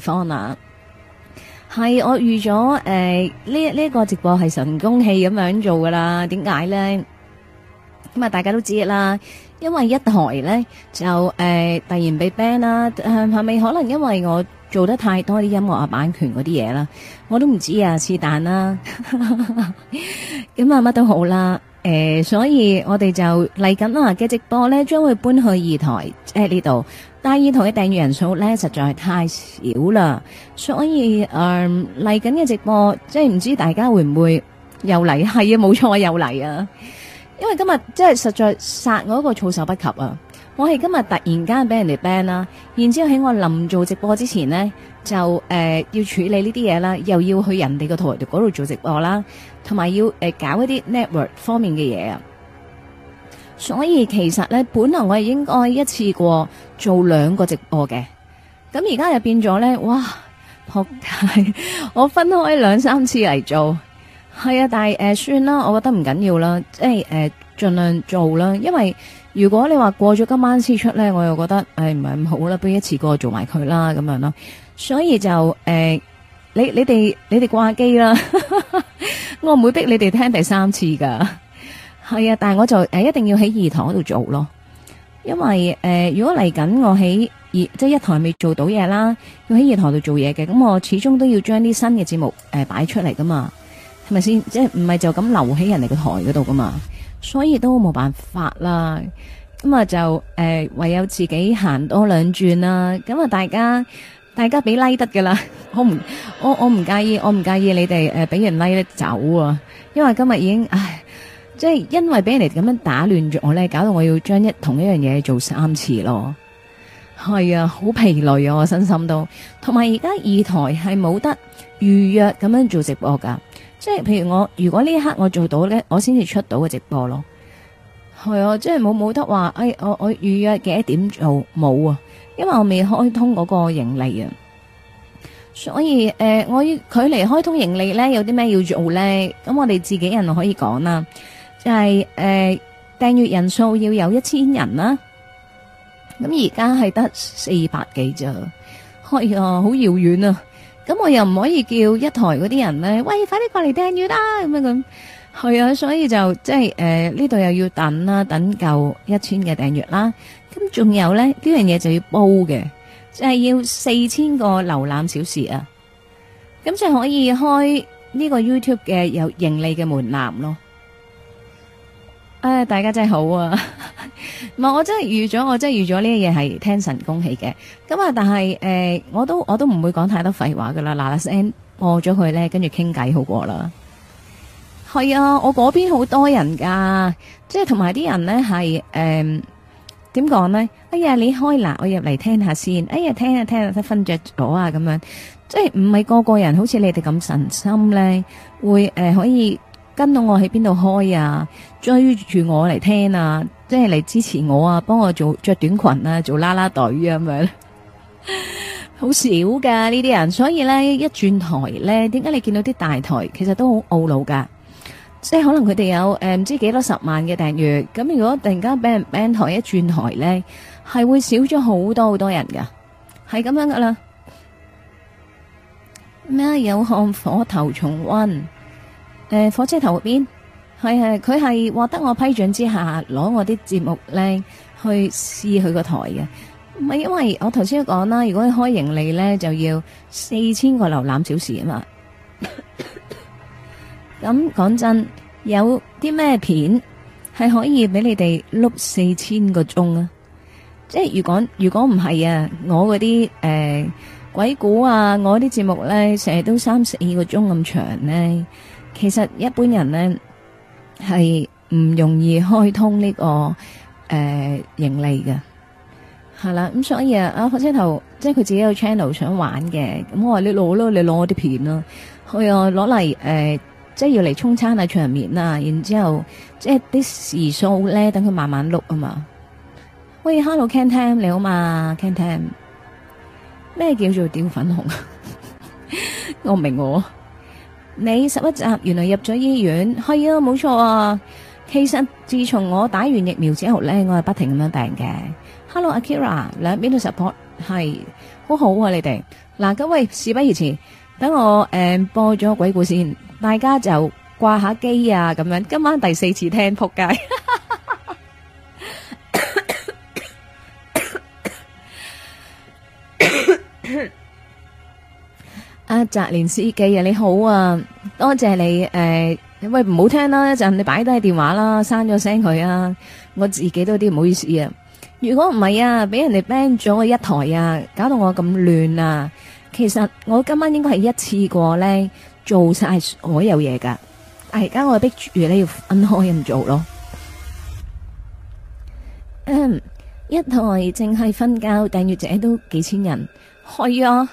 方係我預咗誒，呢呢一個直播係神功戲咁樣做噶啦。點解咧？咁啊，大家都知啦。因為一台咧就誒、呃，突然被 ban 啦。係咪可能因為我做得太多啲音樂啊版權嗰啲嘢啦，我都唔知啊，是但啦。咁啊，乜都好啦。誒、呃，所以我哋就嚟緊啦嘅直播呢將會搬去二台，即呢度。但二台嘅訂閱人數呢，實在係太少啦。所以誒嚟緊嘅直播，即係唔知大家會唔會又嚟？係啊，冇錯我又嚟啊！因為今日即係實在殺我一個措手不及啊！我係今日突然間俾人哋 ban 啦，然之後喺我臨做直播之前呢，就誒、呃、要處理呢啲嘢啦，又要去人哋個台度嗰度做直播啦。同埋要誒、呃、搞一啲 network 方面嘅嘢啊，所以其實咧本來我係應該一次過做兩個直播嘅，咁而家又變咗咧，哇撲街！我分開兩三次嚟做，係啊，但係誒、呃、算啦，我覺得唔緊要啦，即係誒盡量做啦，因為如果你話過咗今晚先出咧，我又覺得誒唔係咁好啦，不如一次過做埋佢啦，咁樣咯，所以就誒。呃你你哋你哋掛機啦， 我唔會逼你哋聽第三次噶。係 啊，但係我就誒一定要喺二台嗰度做咯，因為誒、呃、如果嚟緊我喺二即係一台未做到嘢啦，要喺二台度做嘢嘅，咁我始終都要將啲新嘅節目誒擺、呃、出嚟噶嘛，係咪先？即係唔係就咁留喺人哋個台嗰度噶嘛，所以都冇辦法啦。咁啊就誒、呃、唯有自己行多兩轉啦。咁啊大家。大家俾拉得㗎啦，我唔我我唔介意，我唔介意你哋誒俾人拉得走啊！因為今日已經，唉，即係因為俾人哋咁樣打亂咗我呢，搞到我要將一同一樣嘢做三次咯。係啊，好疲累啊，我身心都。同埋而家二台係冇得預約咁樣做直播噶，即係譬如我如果呢一刻我做到呢，我先至出到嘅直播咯。係啊，即係冇冇得話，誒，我我預約幾多點做冇啊？因為我未開通嗰個盈利啊，所以誒、呃，我要佢嚟開通盈利咧，有啲咩要做咧？咁我哋自己人可以講啦，就係、是、誒、呃，訂閱人數要有一千人啦、啊。咁而家係得四百幾咋，哎呀，好遙遠啊！咁我又唔可以叫一台嗰啲人咧，喂，快啲過嚟訂閱啦、啊！咁樣咁，係啊，所以就即係誒，呢、呃、度又要等啦，等夠一千嘅訂閱啦。咁仲有呢，呢樣嘢就要煲嘅，就係、是、要四千個瀏覽小時啊！咁就可以開呢個 YouTube 嘅有盈利嘅門檻咯。誒、哎，大家真係好啊！唔係我真係預咗，我真係預咗呢嘢係聽神恭喜嘅。咁啊，但係誒、呃，我都我都唔會講太多廢話噶啦，嗱嗱聲過咗佢呢，跟住傾偈好過啦。係啊，我嗰邊好多人噶，即係同埋啲人呢係誒。點講呢？哎呀，你開啦，我入嚟聽下先。哎呀，聽下、啊、聽下、啊，都瞓着咗啊，咁樣，即係唔係個個人好似你哋咁神心呢？會誒、呃、可以跟到我喺邊度開啊，追住我嚟聽啊，即係嚟支持我啊，幫我做着短裙啊，做啦啦隊啊咁樣，好 少噶呢啲人。所以呢，一轉台呢，點解你見到啲大台其實都好懊惱噶？即係可能佢哋有誒唔知幾多十萬嘅訂閱，咁如果突然間俾人 band 台一轉台咧，係會少咗好多好多人噶，係咁樣噶啦。咩有看火頭重溫？誒、欸，火車頭邊？係係佢係獲得我批准之下攞我啲節目咧去試佢個台嘅，唔係，因為我頭先都講啦，如果佢開盈利咧就要四千個瀏覽小時啊嘛。 咁講真，有啲咩片係可以俾你哋碌四千個鐘啊？即係如果如果唔係啊，我嗰啲誒鬼故啊，我啲節目咧成日都三四個鐘咁長咧，其實一般人咧係唔容易開通呢、這個誒、呃、盈利嘅，係啦。咁所以啊，啊火車頭即係佢自己有 channel 想玩嘅，咁我話你攞咯，你攞我啲片咯、啊，去我攞嚟，誒。即係要嚟沖餐啊、場面啊，然之後即係啲時數咧，等佢慢慢錄啊嘛。喂，Hello，Can，Tam 你好嘛？Can，Tam 咩叫做屌粉紅啊？ 我唔明喎，你十一集原來入咗醫院，係啊冇錯啊。其實自從我打完疫苗之後咧，我係不停咁樣病嘅。Hello，Akira 兩邊都 support，係好好啊，你哋嗱咁。喂、啊，事不宜遲，等我誒、呃、播咗鬼故先。大家就掛下機啊，咁樣今晚第四次聽扑街。阿澤連司機啊，你好啊，多謝你誒，喂唔好聽啦，一陣你擺低電話啦，閂咗聲佢啊，我自己都有啲唔好意思啊。如果唔係啊，俾人哋 ban 咗我一台啊，搞到我咁亂啊。其實我今晚應該係一次過呢。做晒所有嘢噶，但係而家我逼住咧要分開咁做咯。嗯，一台淨係瞓覺訂閱者都幾千人，係啊，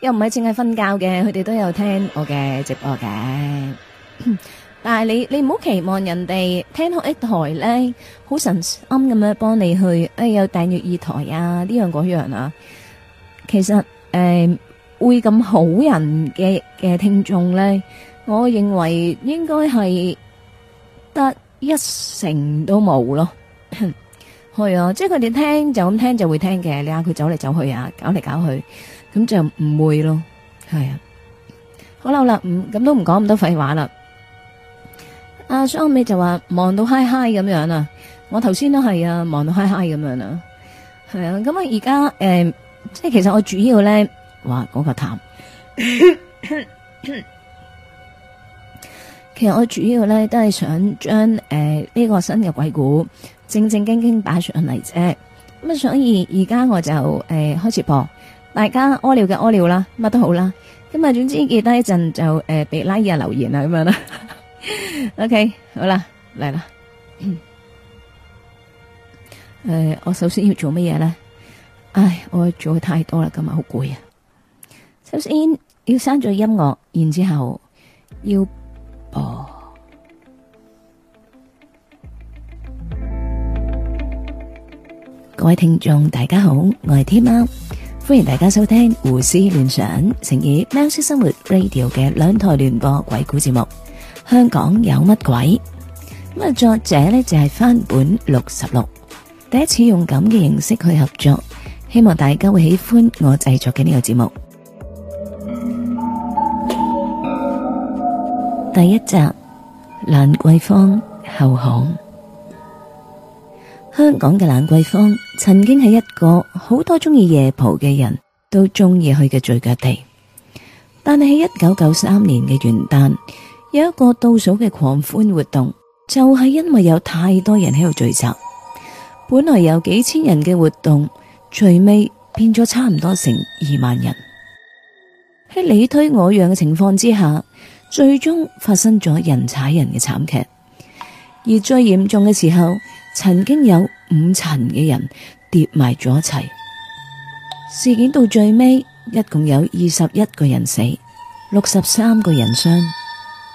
又唔係淨係瞓覺嘅，佢哋都有聽我嘅直播嘅。但係你你唔好期望人哋聽開一台咧，好神心咁樣幫你去，哎有訂閱二台啊呢樣嗰樣啊。其實誒。會咁好人嘅，嘅聽眾咧，我認為應該係得一成都冇咯。係啊，即係佢哋聽就咁聽，就會聽嘅。你嗌佢走嚟走去啊，搞嚟搞去，咁就唔會咯。係啊，好啦好啦，咁咁都唔講咁多廢話啦。阿雙美就話望到嗨嗨咁樣啊，我頭先都係啊，望到嗨嗨咁樣啊，係啊。咁啊，而家誒，即係其實我主要咧，哇嗰、嗰個淡， 其實我主要咧都係想將誒呢個新嘅鬼故正正經經擺上嚟啫。咁、嗯、啊，所以而家我就誒、呃、開始播，大家屙尿嘅屙尿啦，乜都好啦。今日總之記得一陣就誒俾拉人留言啊，咁樣啦。 OK，好啦，嚟啦。誒、 呃，我首先要做乜嘢咧？唉，我做太多啦，今日好攰啊！首先要刪咗音樂，然之後要播。各位聽眾，大家好，我係天喵，歡迎大家收聽胡思亂想，成以喵式生活 radio 嘅兩台聯播鬼故節目。香港有乜鬼？咁啊，作者呢就係翻本六十六，第一次用咁嘅形式去合作，希望大家會喜歡我製作嘅呢個節目。第一集《蘭桂坊後巷》喉喉。香港嘅蘭桂坊曾經係一個好多鍾意夜蒲嘅人都鍾意去嘅聚腳地。但係喺一九九三年嘅元旦，有一個倒數嘅狂歡活動，就係因為有太多人喺度聚集，本來有幾千人嘅活動，最尾變咗差唔多成二萬人。喺你推我讓嘅情況之下。最終發生咗人踩人嘅慘劇，而最嚴重嘅時候，曾經有五層嘅人跌埋咗一齊。事件到最尾，一共有二十一個人死，六十三個人傷。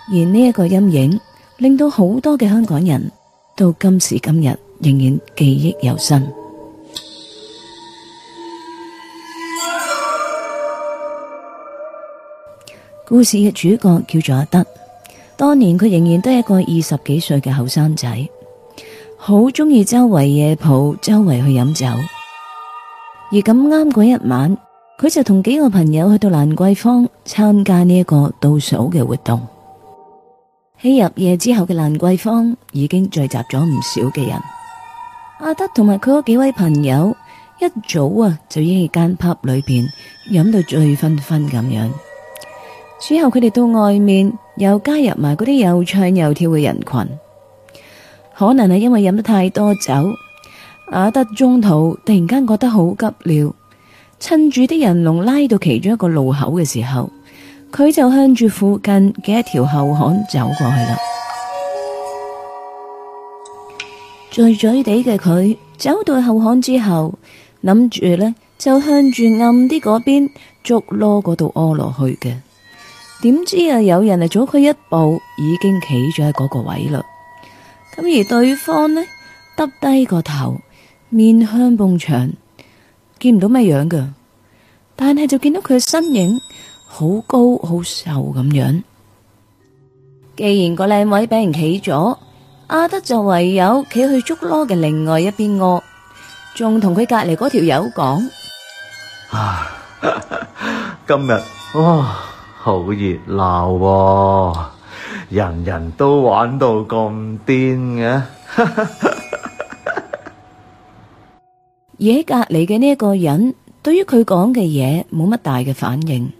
而呢一個陰影，令到好多嘅香港人到今時今日仍然記憶猶新。故事嘅主角叫做阿德，當年佢仍然都係一個二十幾歲嘅後生仔，好中意周圍夜蒲、周圍去飲酒。而咁啱嗰一晚，佢就同幾個朋友去到蘭桂坊參加呢一個倒數嘅活動。喺入夜之後嘅蘭桂坊已經聚集咗唔少嘅人，阿德同埋佢嗰幾位朋友一早啊就已經喺間 pub 裏邊飲到醉醺醺咁樣。之後佢哋到外面又加入埋嗰啲又唱又跳嘅人群，可能係因為飲得太多酒，阿德中途突然間覺得好急了，趁住啲人龍拉到其中一個路口嘅時候，佢就向住附近嘅一條後巷走過去啦。 醉嘴地嘅佢走到後巷之後，諗住呢就向住暗啲嗰邊捉囉嗰度屙落去嘅。點知啊！有人啊，早佢一步已經企咗喺嗰個位嘞。咁而對方呢，耷低低個頭，面向埲牆，見唔到咩樣㗎。但係就見到佢嘅身影好高好瘦咁樣。既然個靚位俾人企咗，阿德就唯有企去竹籮嘅另外一邊屙，仲同佢隔離嗰條友講：，啊，今、哦、日，哇！好熱鬧喎！人人都玩到咁癲嘅，而喺隔籬嘅呢一個人，對於佢講嘅嘢冇乜大嘅反應。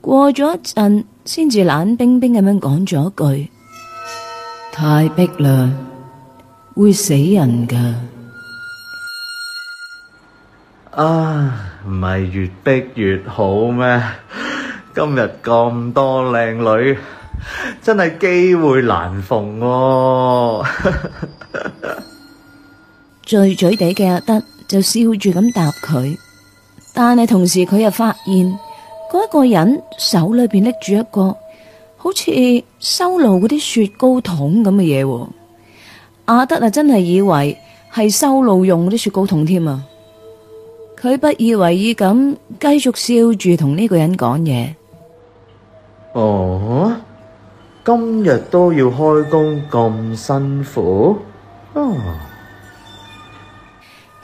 過咗一陣，先至冷冰冰咁樣講咗句：太逼啦，會死人噶！啊，唔係越逼越好咩？今日咁多靚女，真係機會難逢喎，哦。 醉嘴嘴地嘅阿德就笑住咁答佢，但係同時佢又發現嗰一、那個人手裏邊拎住一個好似修路嗰啲雪糕桶咁嘅嘢，阿德啊真係以為係修路用嗰啲雪糕桶添啊！佢不以為意咁，繼續笑住同呢個人講嘢。哦，今日都要開工咁辛苦啊！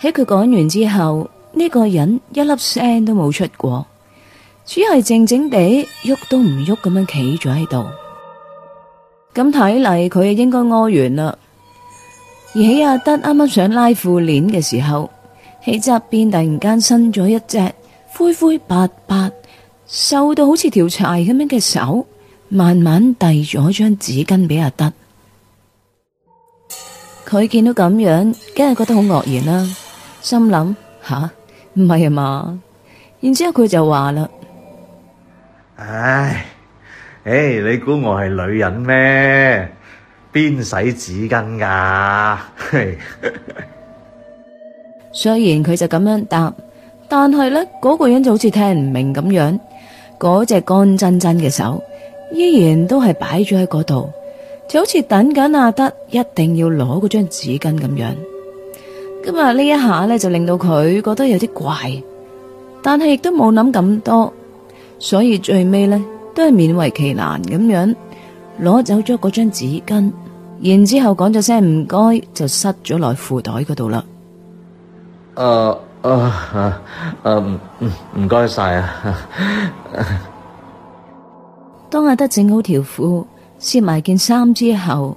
喺佢講完之後，呢個人一粒聲都冇出過，只係靜靜地喐都唔喐咁樣企咗喺度。咁睇嚟，佢應該屙完啦。而喺阿德啱啱想拉褲鏈嘅時候，喺側邊突然間伸咗一隻灰灰白白，瘦到好似條柴咁樣嘅手，慢慢遞咗張紙巾俾阿德。佢見 到咁樣，梗係覺得好愕然啦，啊，心諗吓唔係啊嘛。然之後佢就話啦：唉，誒，你估我係女人咩？邊使紙巾噶？ 雖然佢就咁樣答，但係咧嗰個人就好似聽唔明咁樣。嗰隻乾真真嘅手，依然都係擺咗喺嗰度，就好似等緊阿德一定要攞嗰張紙巾咁樣。咁啊，呢一下呢，就令到佢覺得有啲怪，但係亦都冇諗咁多，所以最尾呢，都係勉為其難咁樣攞走咗嗰張紙巾，然之後講咗聲唔該，就塞咗落褲袋嗰度啦。誒、uh。啊啊唔唔該晒啊！Oh, uh, uh, 當阿德整好條褲，攝埋件衫之後，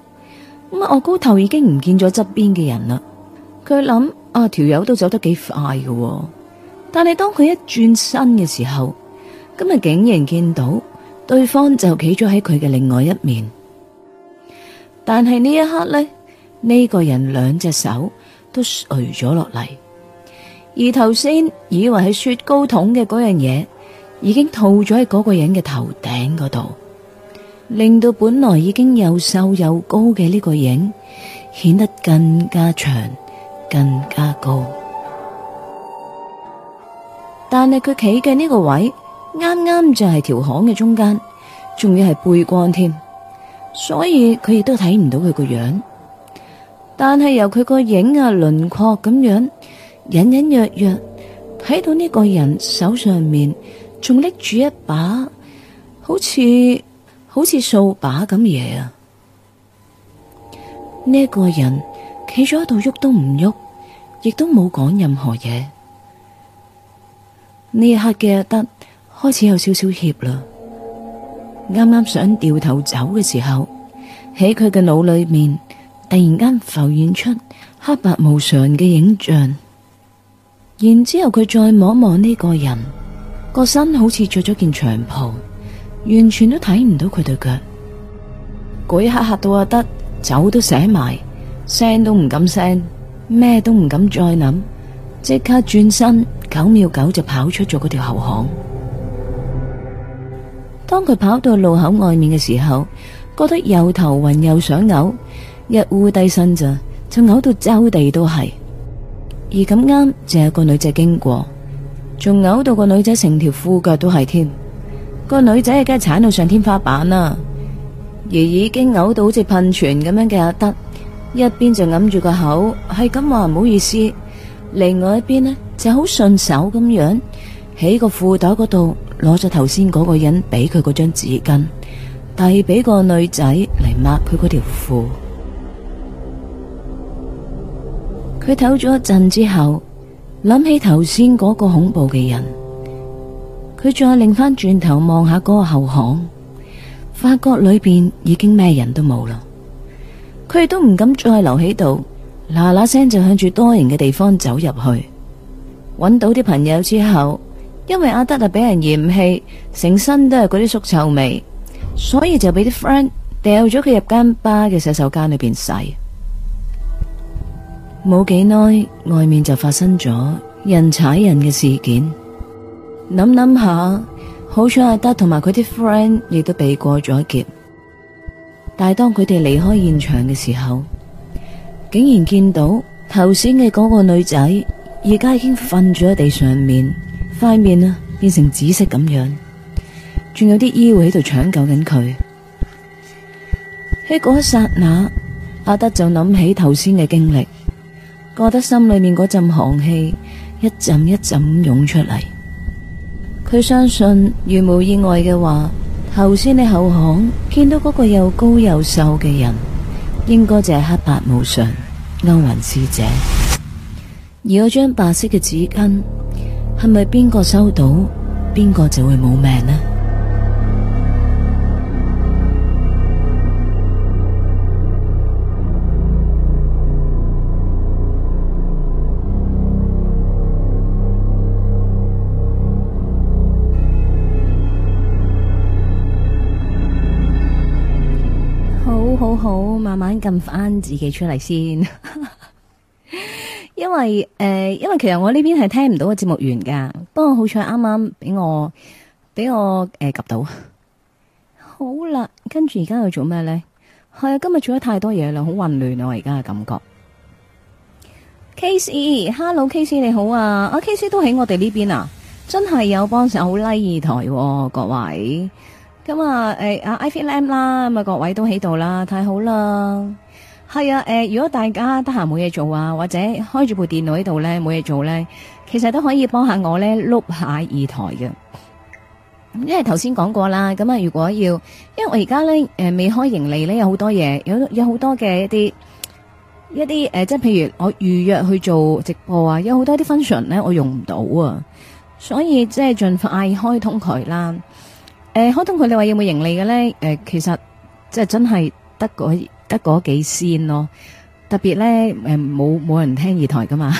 咁啊，岳高頭已經唔見咗側邊嘅人啦。佢諗啊，條友都走得幾快㗎喎，但係當佢一轉身嘅時候，今日竟然見到對方就企咗喺佢嘅另外一面。但係呢一刻呢，呢個人兩隻手都垂咗落嚟。而頭先以為係雪糕筒嘅嗰樣嘢，已經套咗喺嗰個人嘅頭頂嗰度，令到本來已經又瘦又高嘅呢個影顯得更加長、更加高。但係佢企嘅呢個位啱啱就係條巷嘅中間，仲要係背光添，所以佢亦都睇唔到佢個樣。但係由佢個影啊輪廓咁樣。隱隱約約睇到呢個人手上面仲拎住一把好似好似掃把咁嘢啊！呢個人企咗喺度，喐都唔喐，亦都冇講任何嘢。呢一刻嘅阿德開始有少少怯啦，啱啱想掉頭走嘅時候，喺佢嘅腦裏面突然間浮現出黑白無常嘅影像。然之後佢再望望呢個人，個身好似着咗件長袍，完全都睇唔到佢對腳。嗰一刻嚇到阿德，走都醒埋，聲都唔敢聲，咩都唔敢再諗，即刻轉身九秒九就跑出咗嗰條後巷。當佢跑到路口外面嘅時候，覺得又頭暈又想嘔，一呼低身咋就嘔到周地都係。而咁啱就有個女仔經過，仲嘔到個女仔成條褲腳都係添，個女仔啊梗係踩到上天花板啦！而已經嘔到好似噴泉咁樣嘅阿德，一邊就揞住個口係咁話唔好意思，另外一邊呢就好順手咁樣喺個褲袋嗰度攞咗頭先嗰個人俾佢嗰張紙巾，遞俾個女仔嚟抹佢嗰條褲。佢唞咗一陣之後，諗起頭先嗰個恐怖嘅人，佢再擰翻轉頭望下嗰個後巷，發覺裏邊已經咩人都冇啦。佢都唔敢再留喺度，嗱嗱聲就向住多人嘅地方走入去。揾到啲朋友之後，因為阿德啊俾人嫌棄，成身都係嗰啲餿臭味，所以就俾啲 friend 掉咗佢入間吧嘅洗手間裏邊洗。冇幾耐，外面就發生咗人踩人嘅事件。諗諗下，好彩阿德同埋佢啲 friend 亦都避過咗一劫。但係當佢哋離開現場嘅時候，竟然見到頭先嘅嗰個女仔，而家已經瞓咗喺地上面，塊面啊變成紫色咁樣，仲有啲醫護喺度搶救緊佢。喺嗰一剎那，阿德就諗起頭先嘅經歷。覺得心裏面嗰陣寒氣一陣一陣湧出嚟，佢相信如無意外嘅話，頭先你後巷見到嗰個又高又瘦嘅人，應該就係黑白無常勾魂使者，而嗰張白色嘅紙巾係咪邊個收到邊個就會冇命呢？好好，慢慢撳翻自己出嚟先。 因為誒、呃，因為其實我呢邊係聽唔到個節目員噶，不過好彩啱啱俾我俾我誒及、呃、到。好啦，跟住而家又做咩呢？係、哎、啊，今日做咗太多嘢啦，好混亂啊！我而家嘅感覺。Casey，Hello，Casey，你好啊，阿 Casey 都喺我哋呢邊啊，真係有幫手，好拉、like、二台、啊、各位。咁、嗯、啊，誒、啊，阿 Lam 啦，咁啊，各位都喺度啦，太好啦，係啊，誒、呃，如果大家得閒冇嘢做啊，或者開住部電腦喺度咧冇嘢做咧，其實都可以幫下我咧，碌下二台嘅，因為頭先講過啦，咁、嗯、啊，如果要，因為我而家咧，誒、呃，未開盈利咧，有好多嘢，有有好多嘅一啲一啲，誒、呃，即係譬如我預約去做直播啊，有好多啲 function 咧，我用唔到啊，所以即係盡快開通佢啦。誒、呃、開通佢哋話有冇盈利嘅咧、呃？其實即係真係得嗰得嗰幾仙咯，特別咧冇冇人聽二台噶嘛，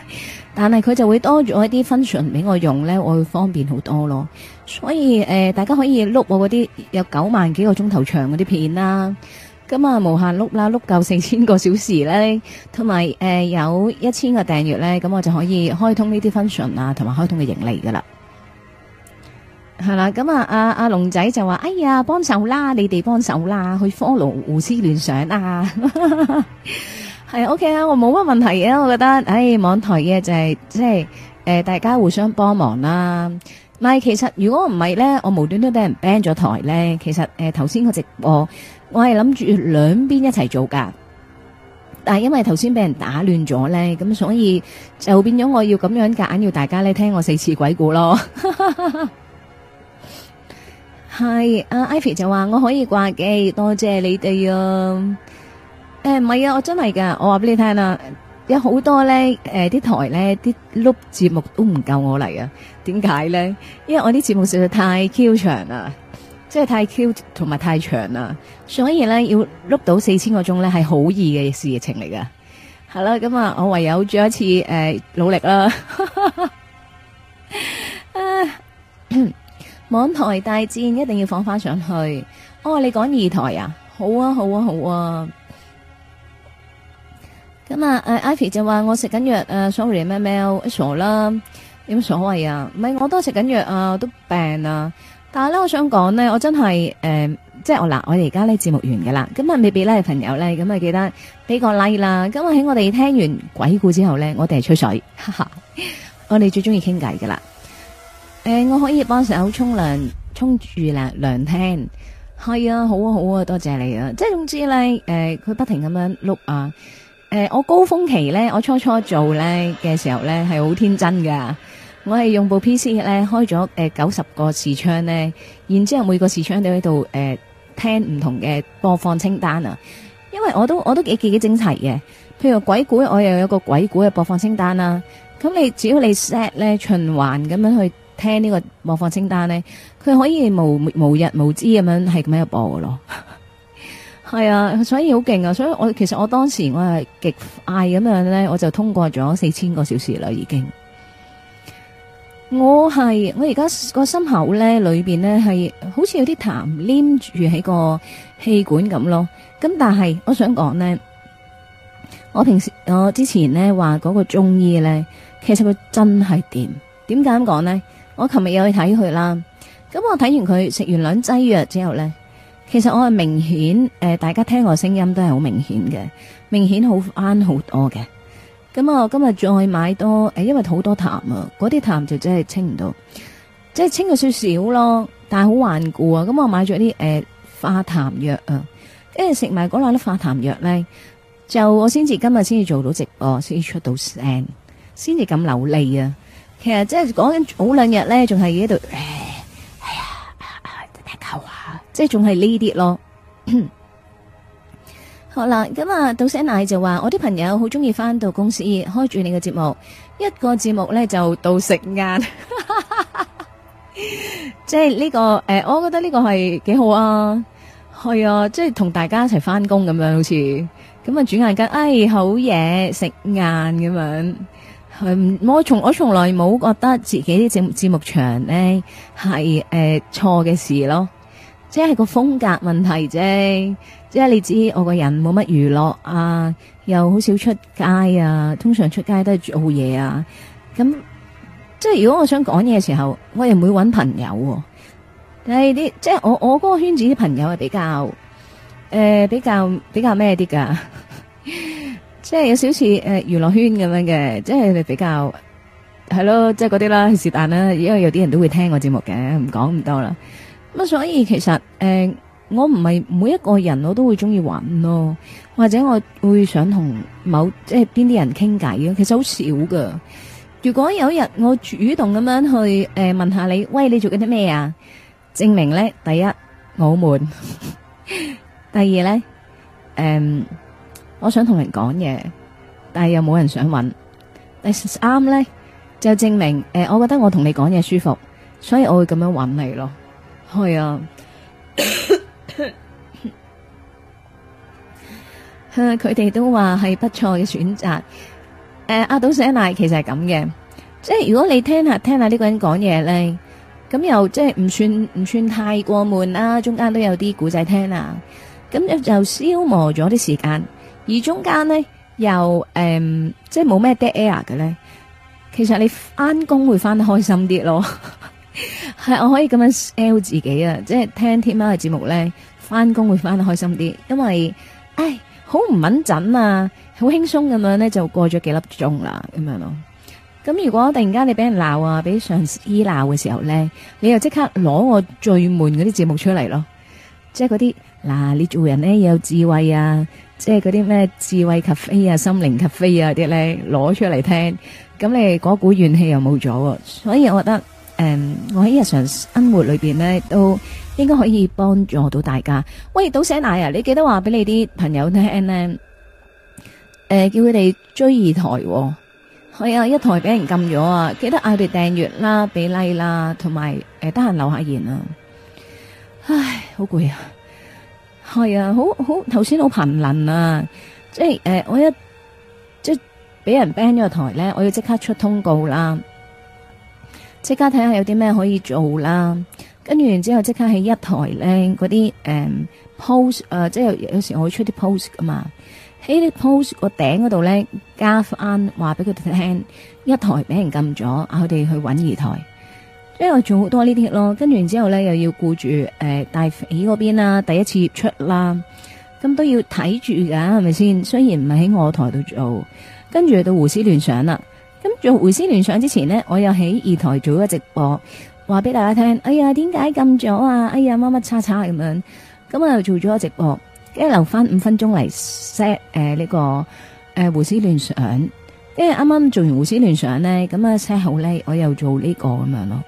但係佢就會多咗一啲 function 俾我用咧，我會方便好多咯。所以、呃、大家可以碌我嗰啲有九萬幾個鐘頭長嗰啲片啦，咁、嗯、啊無限碌啦，碌夠四千個小時咧，同埋誒有一千、呃、個訂閱咧，咁我就可以開通呢啲 function 啊，同埋開通嘅盈利噶啦。係啦，咁啊，阿阿龍仔就話：哎呀，幫手啦，你哋幫手啦，去 follow 胡思亂想啊！係 OK 啊，我冇乜問題嘅，我覺得，唉，網台嘅就係即係誒，大家互相幫忙啦。唔係，其實如果唔係咧，我無端端俾人 ban 咗台咧，其實誒，頭先個直播我係諗住兩邊一齊做噶，但係因為頭先俾人打亂咗咧，咁所以就變咗我要咁樣夾硬要大家咧聽我四次鬼故咯。係，阿 Ivy 就話我可以掛機，多謝你哋啊！誒、欸，唔係啊，我真係噶，我話俾你聽啦，有好多咧，誒、呃，啲台咧，啲碌節目都唔夠我嚟啊！點解咧？因為我啲節目實在太 Q 長啦，即係太 Q 同埋太長啦，所以咧要碌到四千個鐘咧係好易嘅事情嚟噶。係啦，咁啊，我唯有再一次誒努力啦。網台大戰一定要放翻上去，哦，你講二台啊，好啊好啊好啊，咁啊誒、嗯啊、，Ivy 就話我食緊藥啊，sorry，咩咩、欸，傻啦，有乜所謂啊，唔係我都食緊藥啊，都病啊，但係咧，我想講呢，我真係誒、呃，即係我嗱，我哋而家呢節目完噶啦，咁、嗯、啊，未必咧朋友咧，咁、嗯、啊記得俾個 like 啦，咁、嗯、啊，喺、嗯嗯、我哋聽完鬼故之後咧，我哋係吹水，哈哈我哋最中意傾偈噶啦。誒、呃，我可以幫手沖涼，沖住啦，涼聽係啊，好啊，好啊，多謝你啊。即係總之咧，誒、呃，佢不停咁樣碌啊，誒、呃，我高峰期咧，我初初做咧嘅時候咧係好天真噶。我係用部 P C 咧開咗誒九十個視窗咧，然之後每個視窗都喺度誒聽唔同嘅播放清單啊。因為我都我都幾幾幾整齊嘅，譬如鬼故，我又有一個鬼故嘅播放清單啊。咁你只要你 set 咧循環咁樣去。聽呢個播放清單咧，佢可以無無日無知咁樣係咁樣播㗎咯，係啊，所以好勁啊！所以我其實我當時我係極快咁樣咧，我就通過咗四千個小時啦，已經。我係我而家個心口咧，裏邊咧係好似有啲痰黏住喺個氣管咁咯。咁但係我想講咧，我平時我之前咧話嗰個中醫咧，其實佢真係點？點解咁講咧？我琴日又去睇佢啦，咁我睇完佢食完兩劑藥之後呢，其實我係明顯誒、呃，大家聽我聲音都係好明顯嘅，明顯好返好多嘅。咁啊，今日再買多，誒、哎，因為好多痰啊，嗰啲痰就真係清唔到，即係清咗少少咯，但係好頑固啊。咁我買咗啲誒化痰藥啊，跟住食埋嗰兩粒化痰藥呢，就我先至今日先至做到直播，先至出到聲，先至咁流利啊。其實即係講緊早兩日咧，仲係喺度哎呀，大家話即係仲係呢啲咯。 好啦，咁啊，到寫奶就話我啲朋友好中意翻到公司開住你嘅節目，一個節目咧就到食晏，即係呢個誒、呃，我覺得呢個係幾好啊，係啊，即係同大家一齊翻工咁樣，好似咁啊，轉眼間哎好嘢食晏咁樣。嗯，我從我從來冇覺得自己啲節目節目場咧係誒錯嘅事咯，即係個風格問題啫。即係你知我個人冇乜娛樂啊，又好少出街啊，通常出街都係做嘢啊。咁即係如果我想講嘢嘅時候，我又唔會搵朋友啊。但係啲即係我我嗰個圈子啲朋友係比較誒、呃、比較比較咩啲噶。 即係有少似誒娛樂圈咁樣嘅，即係你比較係咯，即係嗰啲啦，是但啦。因為有啲人都會聽我節目嘅，唔講咁多啦。咁啊，所以其實誒，我唔係每一個人我都會中意玩咯，或者我會想同某即係邊啲人傾偈啊。其實好少噶。如果有一日我主動咁樣去誒問下你，喂，你做緊啲咩啊？證明咧，第一，我悶；第二咧，誒。我想同人講嘢，但係又冇人想揾。你啱呢，就證明誒、呃，我覺得我同你講嘢舒服，所以我會咁樣揾你咯。係啊，佢哋 都話係不錯嘅選擇。誒、呃，阿倒寫奶其實係咁嘅，即係如果你聽下聽下呢個人講嘢呢，咁又即係唔算唔算太過悶啦，中間都有啲古仔聽啊，咁就就消磨咗啲時間。而中間呢，又誒、嗯，即係冇咩 dead air 嘅咧。其實你翻工會翻得開心啲咯，係 我可以咁樣 sell 自己啊。即係聽天喵嘅節目咧，翻工會翻得開心啲，因為唉好唔穩陣啊，好輕鬆咁樣咧就過咗幾粒鐘啦咁樣咯。咁如果突然間你俾人鬧啊，俾上司鬧嘅時候咧，你又即刻攞我最悶嗰啲節目出嚟咯，即係嗰啲嗱，你做人咧要有智慧啊。即係嗰啲咩智慧咖啡啊、心靈咖啡啊啲咧攞出嚟聽，咁你嗰股怨氣又冇咗，所以我覺得，誒、嗯，我喺日常生活裏邊咧都應該可以幫助到大家。喂，倒寫奶啊，你記得話俾你啲朋友聽咧，誒、呃，叫佢哋追二台、啊，係、嗯、啊，一台俾人禁咗啊，記得嗌佢訂閱啦、俾例、like、啦，同埋誒，得、呃、閒留下言啊。唉，好攰啊！係啊，好好，頭先好頻輪啊，即係誒、呃，我一即係俾人 ban 咗個台咧，我要即刻出通告啦，即刻睇下有啲咩可以做啦，跟住然之後即刻喺一台咧嗰啲誒 post 誒、呃，即有，有時我會出啲 post 噶嘛，喺啲 post 個頂嗰度咧加翻話俾佢聽，一台俾人禁咗，我哋去揾二台。因為我做好多呢啲咯，跟住之後咧又要顧住誒、呃、大肥嗰邊啦，第一次出啦，咁都要睇住噶，係咪先？雖然唔係喺我台度做，跟住到胡思亂想啦。咁做胡思亂想之前呢，我又喺二台做咗直播，話俾大家聽。哎呀，點解咁咗咁早啊？哎呀，乜乜叉叉咁樣。咁啊，做咗直播，跟住留翻五分鐘嚟 set 誒呢個誒、呃、胡思亂想。因為啱啱做完胡思亂想咧，咁啊 set 好咧，我又做呢個咁樣咯。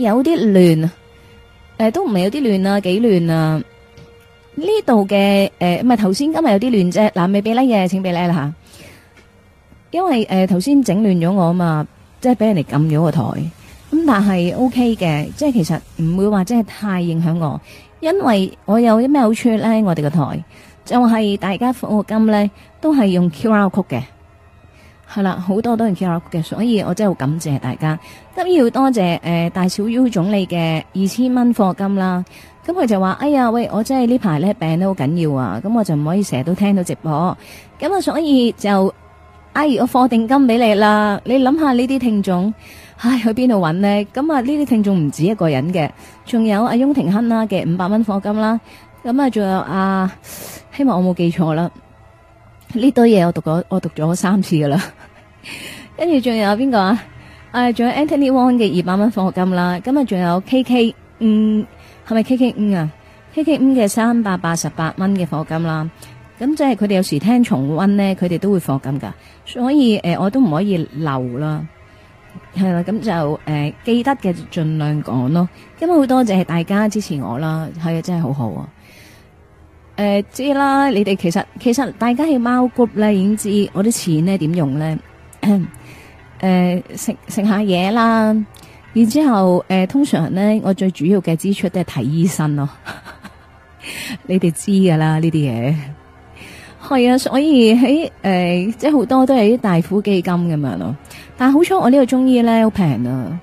有啲亂，誒，都唔係有啲亂啊，幾亂啊！呢度嘅誒，唔係頭先今日有啲亂啫，嗱，未俾咧嘅，請俾咧啦吓。因為誒頭先整亂咗我啊嘛，即係俾人哋撳咗個台，咁但係 OK 嘅，即係其實唔會話真係太影響我，因為我有啲咩好處咧，我哋個台就係大家服務金咧都係用 QR Code 嘅。係啦，好多多人企立嘅，所以我真係好感謝大家。今次要多謝誒、呃，大小 U 總理嘅二千蚊課金啦。咁佢就話：哎呀，喂，我真係呢排咧病得好緊要啊！咁我就唔可以成日都聽到直播。咁啊，所以就哎，我課定金俾你啦。你諗下呢啲聽眾，唉，去邊度搵呢？咁啊，呢啲聽眾唔止一個人嘅，仲有阿、啊、翁廷亨啦嘅五百蚊課金啦。咁啊，仲有啊，希望我冇記錯啦。呢堆嘢我讀咗，我讀咗三次噶啦。跟住仲有邊個啊？誒，仲有 Anthony Wong 嘅二百蚊課金啦。今日仲有 K K 五，係咪 K K 五啊？K K 五嘅三百八十八蚊嘅課金啦。咁即係佢哋有時聽重温呢，佢哋都會課金㗎。所以誒、呃，我都唔可以漏啦。係啦，咁就誒、呃、記得嘅盡量講咯。今日好多謝大家支持我啦，係啊，真係好好啊。誒、呃，知啦，你哋其實其實大家係貓谷咧，已經知我啲錢呢點用呢。誒，食食、 呃、下嘢啦，然之後誒、呃，通常咧，我最主要嘅支出都係睇醫生咯。你哋知㗎啦，呢啲嘢係啊，所以喺誒、哎呃，即係好多都係啲大府基金咁樣咯。但係好彩我呢個中醫咧好平啊，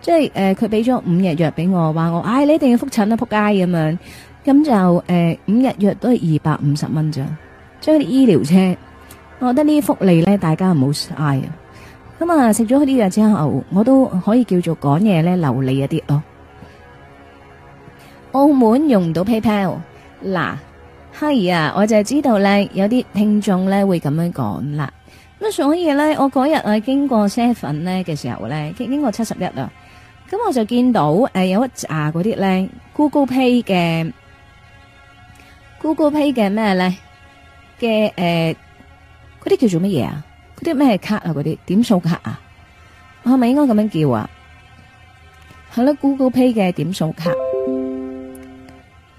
即係誒，佢俾咗五日藥俾我，話我，唉、哎，你一定要復診啊，扑街咁樣。咁就誒，五日藥都係二百五十蚊咋，將啲醫療車。我覺得呢啲福利咧，大家唔好嘥啊！咁啊，食咗啲藥之後，我都可以叫做講嘢咧流利一啲咯。澳門用唔到 PayPal 嗱，係啊，我就知道咧，有啲聽眾咧會咁樣講啦。咁所以咧，我嗰日啊經過 Seven 咧嘅時候咧，經經過七十一啊，咁我就見到誒有一紮嗰啲咧 Google Pay 嘅 Google Pay 嘅咩咧嘅誒。嗰啲叫做乜嘢啊？嗰啲咩卡啊？嗰啲點數卡啊？我係咪應該咁樣叫啊？係啦，Google Pay 嘅點數卡。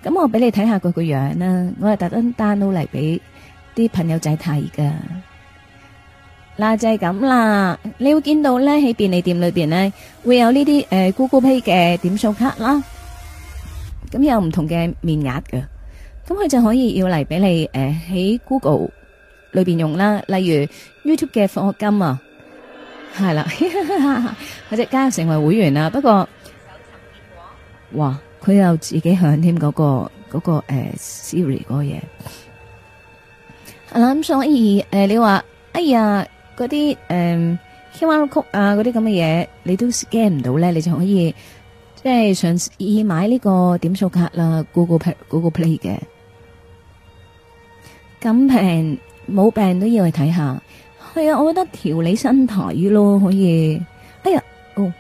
咁我俾你睇下佢個樣啦，我係特登 download 嚟俾啲朋友仔睇噶。嗱，就係咁啦，你會見到咧喺便利店裏邊咧會有呢啲誒 Google Pay 嘅點數卡啦。咁有唔同嘅面額噶，咁佢就可以要嚟俾你誒喺 Google。裏邊用啦，例如 YouTube 嘅課金啊，係啦、嗯，或者加入成為會員啦、啊。不過，哇，佢又自己響添嗰個、那個誒 Siri 嗰個嘢。啊啦、嗯，咁、 嗯、所以誒、呃，你話哎呀嗰啲誒 QR code 啊嗰啲咁嘅嘢，你都 scan 唔到咧，你就可以即係上次買呢個點數卡啦，Google Pay Google Play 嘅咁平。冇病都要去睇下，係、哎、啊！我覺得調理身體咯，可以。哎呀，哦，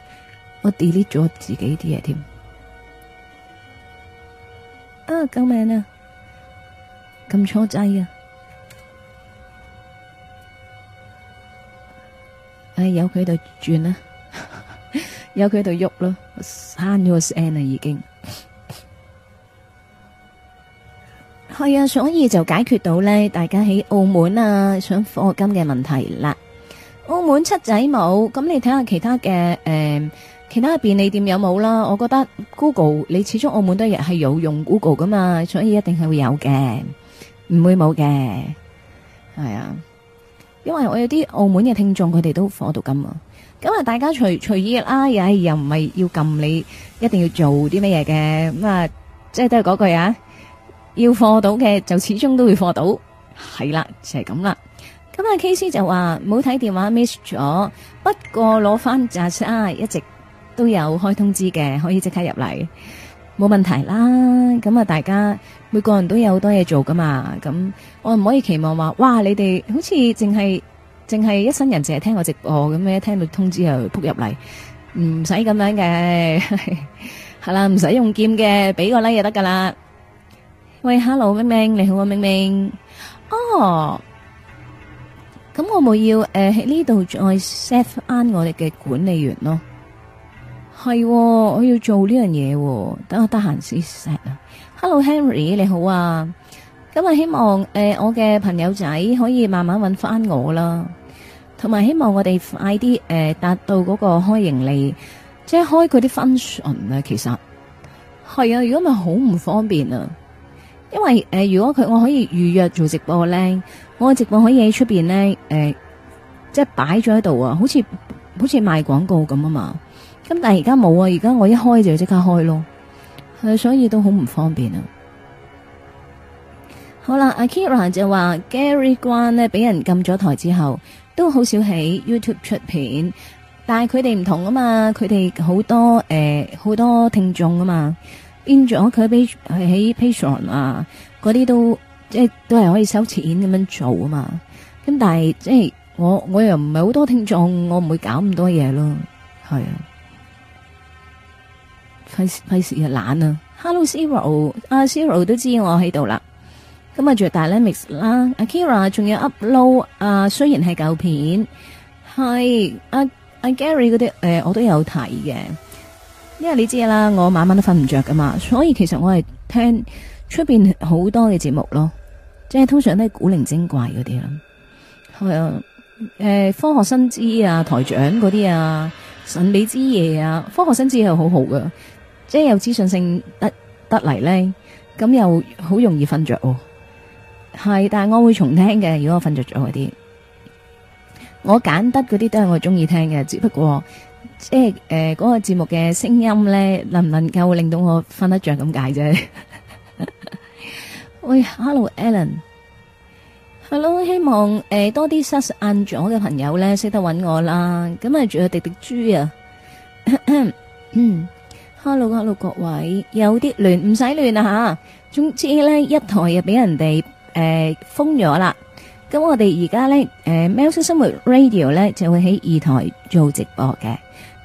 我 delete 咗自己啲嘢添。啊、哦，救命啊！咁錯掣啊！哎呀，由佢度轉啦， 由佢度喐咯，慳咗個聲啊，已經。係啊，所以就解決到呢，大家喺澳門啊，想火金嘅問題啦。澳門七仔冇，咁你睇下其他嘅誒、呃，其他嘅便利店有冇啦？我覺得 Google，你始終澳門都係係有用 Google 噶嘛，所以一定係會有嘅，唔會冇嘅。係啊，因為我有啲澳門嘅聽眾，佢哋都火到金啊。咁啊，大家隨隨意啦，又又唔係要撳你，一定要做啲乜嘢嘅咁啊？即係都係嗰句啊。要貨到嘅就始終都會貨到，係啦，就係咁啦。咁阿 K c 就話冇睇電話 miss 咗，不過攞翻，就啊，一直都有開通知嘅，可以即刻入嚟，冇問題啦。咁啊，大家每個人都有好多嘢做噶嘛，咁我唔可以期望話，哇，你哋好似淨係淨係一生人淨係聽我直播咁樣一聽到通知又撲入嚟，唔使咁樣嘅，係 啦，唔使用劍嘅，俾個 like 就得噶啦。喂，Hello，明明，你好啊，明明。哦、oh，咁、呃、我咪要誒喺呢度再 set 翻我哋嘅管理員咯。係、哦，我要做呢樣嘢。等我得閒先 set 啊。Hello，Henry，你好啊。咁啊，希望誒、呃、我嘅朋友仔可以慢慢搵翻我啦。同埋希望我哋快啲誒達到嗰個開盈利，即係開佢啲 function 啊。其實係啊，如果咪好唔方便啊。因為誒、呃，如果佢我可以預約做直播咧，我嘅直播可以喺出邊咧，誒、呃，即係擺咗喺度啊，好似好似賣廣告咁啊嘛。咁但係而家冇啊，而家我一開就即刻開咯，係、呃、所以都好唔方便啊。好啦，阿 Kira 就話 Gary g 關咧俾人禁咗台之後，都好少喺 YouTube 出片，但係佢哋唔同啊嘛，佢哋好多誒好、呃、多聽眾啊嘛。變咗佢喺 Patreon 啊，嗰啲都即係都係可以收錢咁樣做啊嘛，咁但係即係我我又唔係好多聽眾，我唔會搞咁多嘢咯，係啊，費事費事又懶啊。Hello Zero，阿、啊、Zero 都知我喺度啦，咁啊仲有 Dynamics 啦，阿 Kira 仲有 upload，啊雖然係舊片，係阿阿 Gary 嗰啲誒我都有睇嘅。因為你知啦，我晚晚都瞓唔着噶嘛，所以其實我係聽出邊好多嘅節目咯，即係通常都係古靈精怪嗰啲啦，係啊，誒，科學新知啊，台長嗰啲啊，神秘之夜啊，科學新知係好好噶，即係有資訊性得得嚟呢，咁又好容易瞓着，啊。係，但係我會重聽嘅，如果我瞓着咗嗰啲，我揀得嗰啲都係我中意聽嘅，只不過。即係誒，嗰個節目嘅聲音咧，能唔能夠令到我瞓得着咁解啫？喂，Hello，Alan，Hello，希望誒多啲 set 安卓嘅朋友咧識得搵我啦。咁啊，仲有滴滴豬啊。嗯，Hello，Hello，各位有啲亂，唔使亂啊吓。總之咧，一台又俾人哋誒封咗啦。咁我哋而家咧，誒喵式生活 Radio 咧就會喺二台做直播嘅。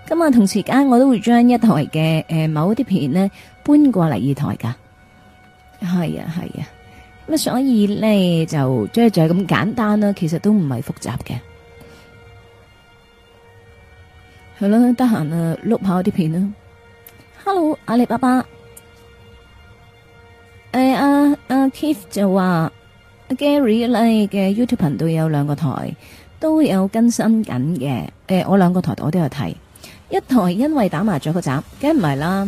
咁啊，同時間我都會將一台嘅誒某一啲片呢搬過嚟二台噶，係啊係啊，咁啊所以咧就即係就係咁簡單啦，其實都唔係複雜嘅，係咯、啊，得閒啊，look 下我啲片啦。Hello，阿里巴巴，誒阿阿 Keith 就話 Gary 咧、like, 嘅 YouTube 頻道有兩個台都有更新緊嘅，誒、uh, 我兩個台我都有睇。一台因為打麻雀個集，梗唔係啦。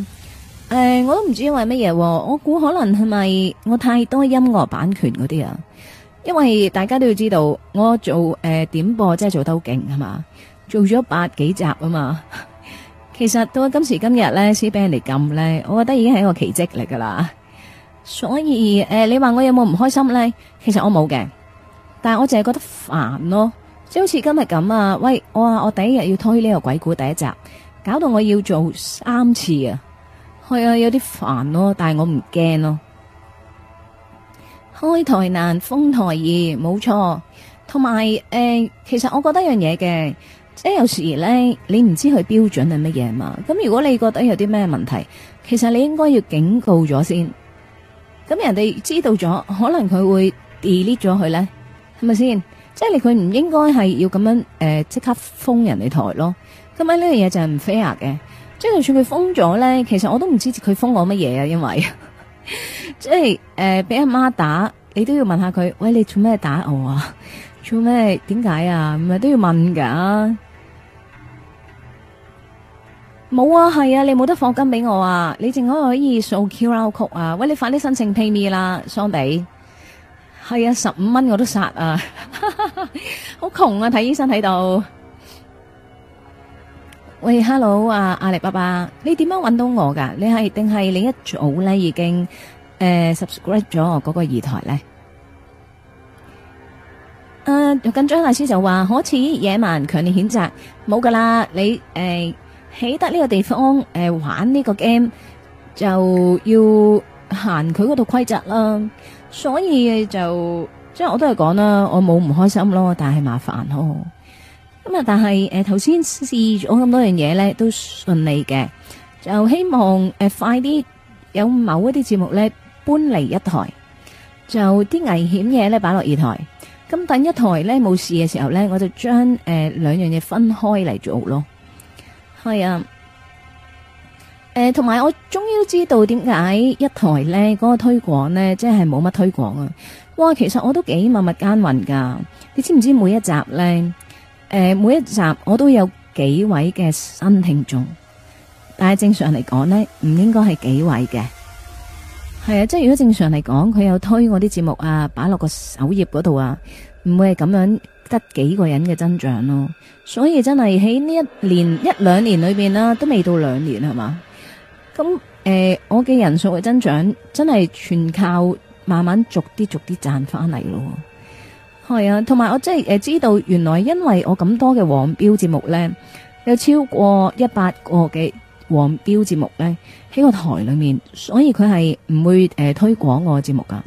誒、呃，我都唔知因為乜嘢、啊，我估可能係咪我太多音樂版權嗰啲啊？因為大家都要知道，我做誒、呃、點播即係做得好勁係嘛，做咗百幾集啊嘛。其實到今時今日咧，先俾人哋禁咧，我覺得已經係一個奇跡嚟噶啦。所以誒、呃，你話我有冇唔開心咧？其實我冇嘅，但係我淨係覺得煩咯。即好似今日咁啊！喂，我話我第一日要推呢個鬼故第一集，搞到我要做三次啊，係啊，有啲煩咯，但係我唔驚咯。開台難，封台易，冇錯。同埋誒，其實我覺得一樣嘢嘅，即係有時咧，你唔知佢標準係乜嘢嘛。咁如果你覺得有啲咩問題，其實你應該要警告咗先。咁人哋知道咗，可能佢會 delete 咗佢咧，係咪先？即係佢唔應該係要咁樣誒，即、呃、刻封人哋台咯。咁樣呢樣嘢就係唔 fair 嘅。即係就算佢封咗咧，其實我都唔知佢封我乜嘢啊。因為 即係誒，俾阿媽打，你都要問下佢。喂，你做咩打我啊？做咩？點解啊？唔係都要問噶。冇啊，係啊，啊，你冇得放金俾我啊？你淨可可以掃 Q R Code 啊？喂，你快啲申請 PayMe 啦，雙比。係啊，十五蚊我都殺啊！好窮啊，睇醫生睇到。喂，Hello，阿阿力巴巴，你點樣搵到我噶？你係定係另一組咧？已經誒 subscribe 咗我嗰個二台咧？誒，緊張大師就話好似野蠻強烈譴責，冇噶啦，你誒起得呢個地方誒玩呢個 game 就要行佢嗰度規則啦。所以就即係我都係講啦，我冇唔開心咯，但係麻煩咯。咁啊，但係誒頭先試咗咁多樣嘢咧，都順利嘅。就希望誒快啲有某一啲節目咧搬嚟一台，就啲危險嘢咧擺落二台。咁等一台咧冇事嘅時候咧，我就將誒兩樣嘢分開嚟做咯。係啊。誒，同埋、呃、我終於知道點解一台呢嗰、那個推廣呢，即係冇乜推廣啊！哇，其實我都幾默默耕耘㗎。你知唔知每一集呢？誒、呃，每一集我都有幾位嘅新聽眾，但係正常嚟講呢，唔應該係幾位嘅。係啊，即係如果正常嚟講，佢有推我啲節目啊，擺落個首頁嗰度啊，唔會係咁樣得幾個人嘅增長咯。所以真係喺呢一年一兩年裏邊啦、啊，都未到兩年係嘛？咁誒、呃，我嘅人數嘅增長真係全靠慢慢逐啲逐啲賺翻嚟咯。係啊，同埋我真係誒、呃，知道原來因為我咁多嘅黃標節目呢，有超過一百個嘅黃標節目呢喺個台裏面，所以佢係唔會誒、呃、推廣我嘅節目噶。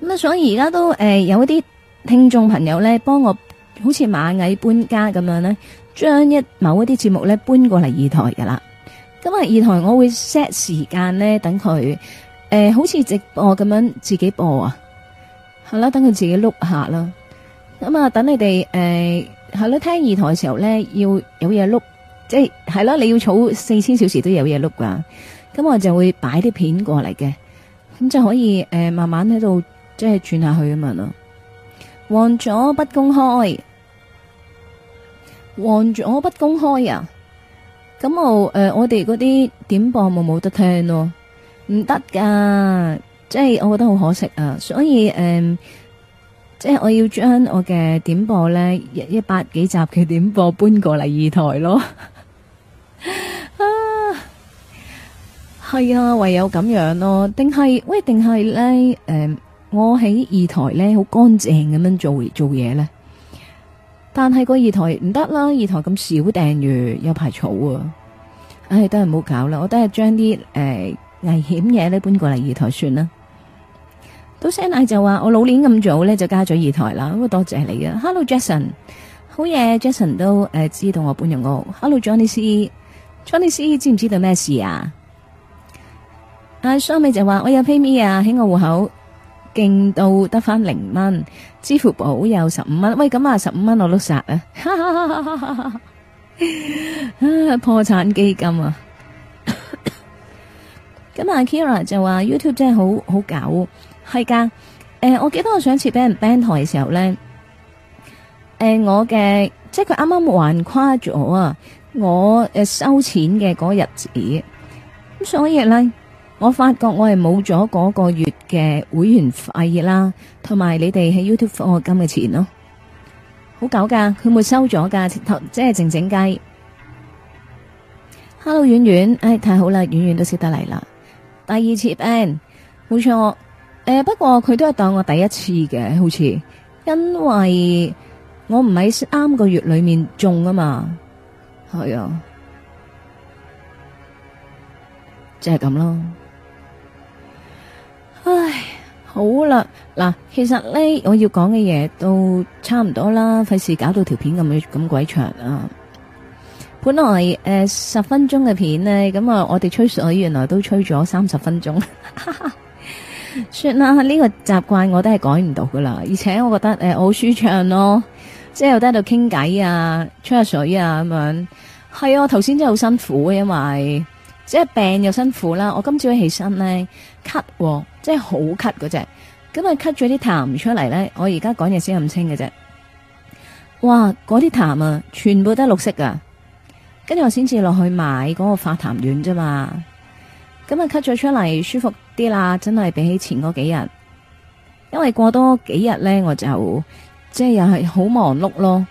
咁啊，所以而家都誒、呃、有一啲聽眾朋友呢幫我好似螞蟻搬家咁樣呢，將一某一啲節目呢搬過嚟二台噶啦。咁啊，二台我會 set 時間咧，等佢誒，好似直播咁樣自己播啊，係啦，等佢自己碌下啦。咁啊，等你哋誒，係、呃、啦，聽二台嘅時候咧，要有嘢碌，即係係啦，你要儲四千小時都有嘢碌噶。咁我就會擺啲片過嚟嘅，咁就可以誒、呃，慢慢喺度即係轉下去啊嘛咯。忘咗不公開，忘咗不公開啊！咁我誒，我哋嗰啲點播冇冇得聽咯，唔得㗎，即係我覺得好可惜啊！所以誒，即係我要將我嘅點播咧一一百幾集嘅點播搬過嚟二台咯。啊，係啊，唯有咁樣咯，定係喂，定係咧？誒，我喺二台咧好乾淨咁樣做做嘢咧。但係個二台唔得啦，二台咁少訂閱有排儲啊！唉，都係唔好搞啦，我都係將啲誒危險嘢咧搬過嚟二台算啦。到聲阿就話我老年咁早咧就加咗二台啦，咁多謝你啊！Hello Jason，好嘢，Jason 都誒、呃、知道我搬入我。Hello Johnny C，Johnny C 知唔知道咩事啊？阿 Sammy 就話我有 pay me 啊，喺我戶口。勁到得翻零蚊，支付寶有十五蚊。喂，咁啊，十五蚊我碌殺啊！破產基金啊！咁阿 Kira 就話 YouTube 真係好好搞，係噶。誒、呃，我記得我上次俾人 ban 台嘅時候咧，誒、呃，我嘅即係佢啱啱橫跨咗啊，我誒收錢嘅嗰日子，咁所以咧。我發覺我係冇咗嗰個月嘅會員費啦，同埋你哋喺 YouTube 課金嘅錢咯，好搞噶，佢冇收咗噶，即係靜靜雞。Hello，婉婉，哎，太好啦，婉婉都識得嚟啦。第二次 Ban，冇錯，誒、呃，不過佢都係當我第一次嘅，好似，因為我唔喺啱個月裏面中啊嘛，係啊，即係咁咯。唉，好啦，嗱，其實咧我要講嘅嘢都差唔多啦，費事搞到條片咁咁鬼長啦、啊、本來誒十、呃、分鐘嘅片呢，咁啊我哋吹水原來都吹咗三十分鐘， 算啦，呢、這個習慣我都係改唔到噶啦。而且我覺得誒好、呃、舒暢咯，即係又喺度傾偈啊，吹下水啊咁樣。係啊，頭先真係好辛苦，因為即係病又辛苦啦。我今朝一起身咧，咳。真係好咳嗰隻，咁啊咳咗啲痰出嚟咧，我而家講嘢先咁清嘅啫。哇，嗰啲痰啊，全部都係綠色噶，跟住我先至落去買嗰個化痰丸啫嘛。咁啊咳咗出嚟舒服啲啦，真係比起前嗰幾日，因為過多幾日咧，我就即係、就是、又係好忙碌咯，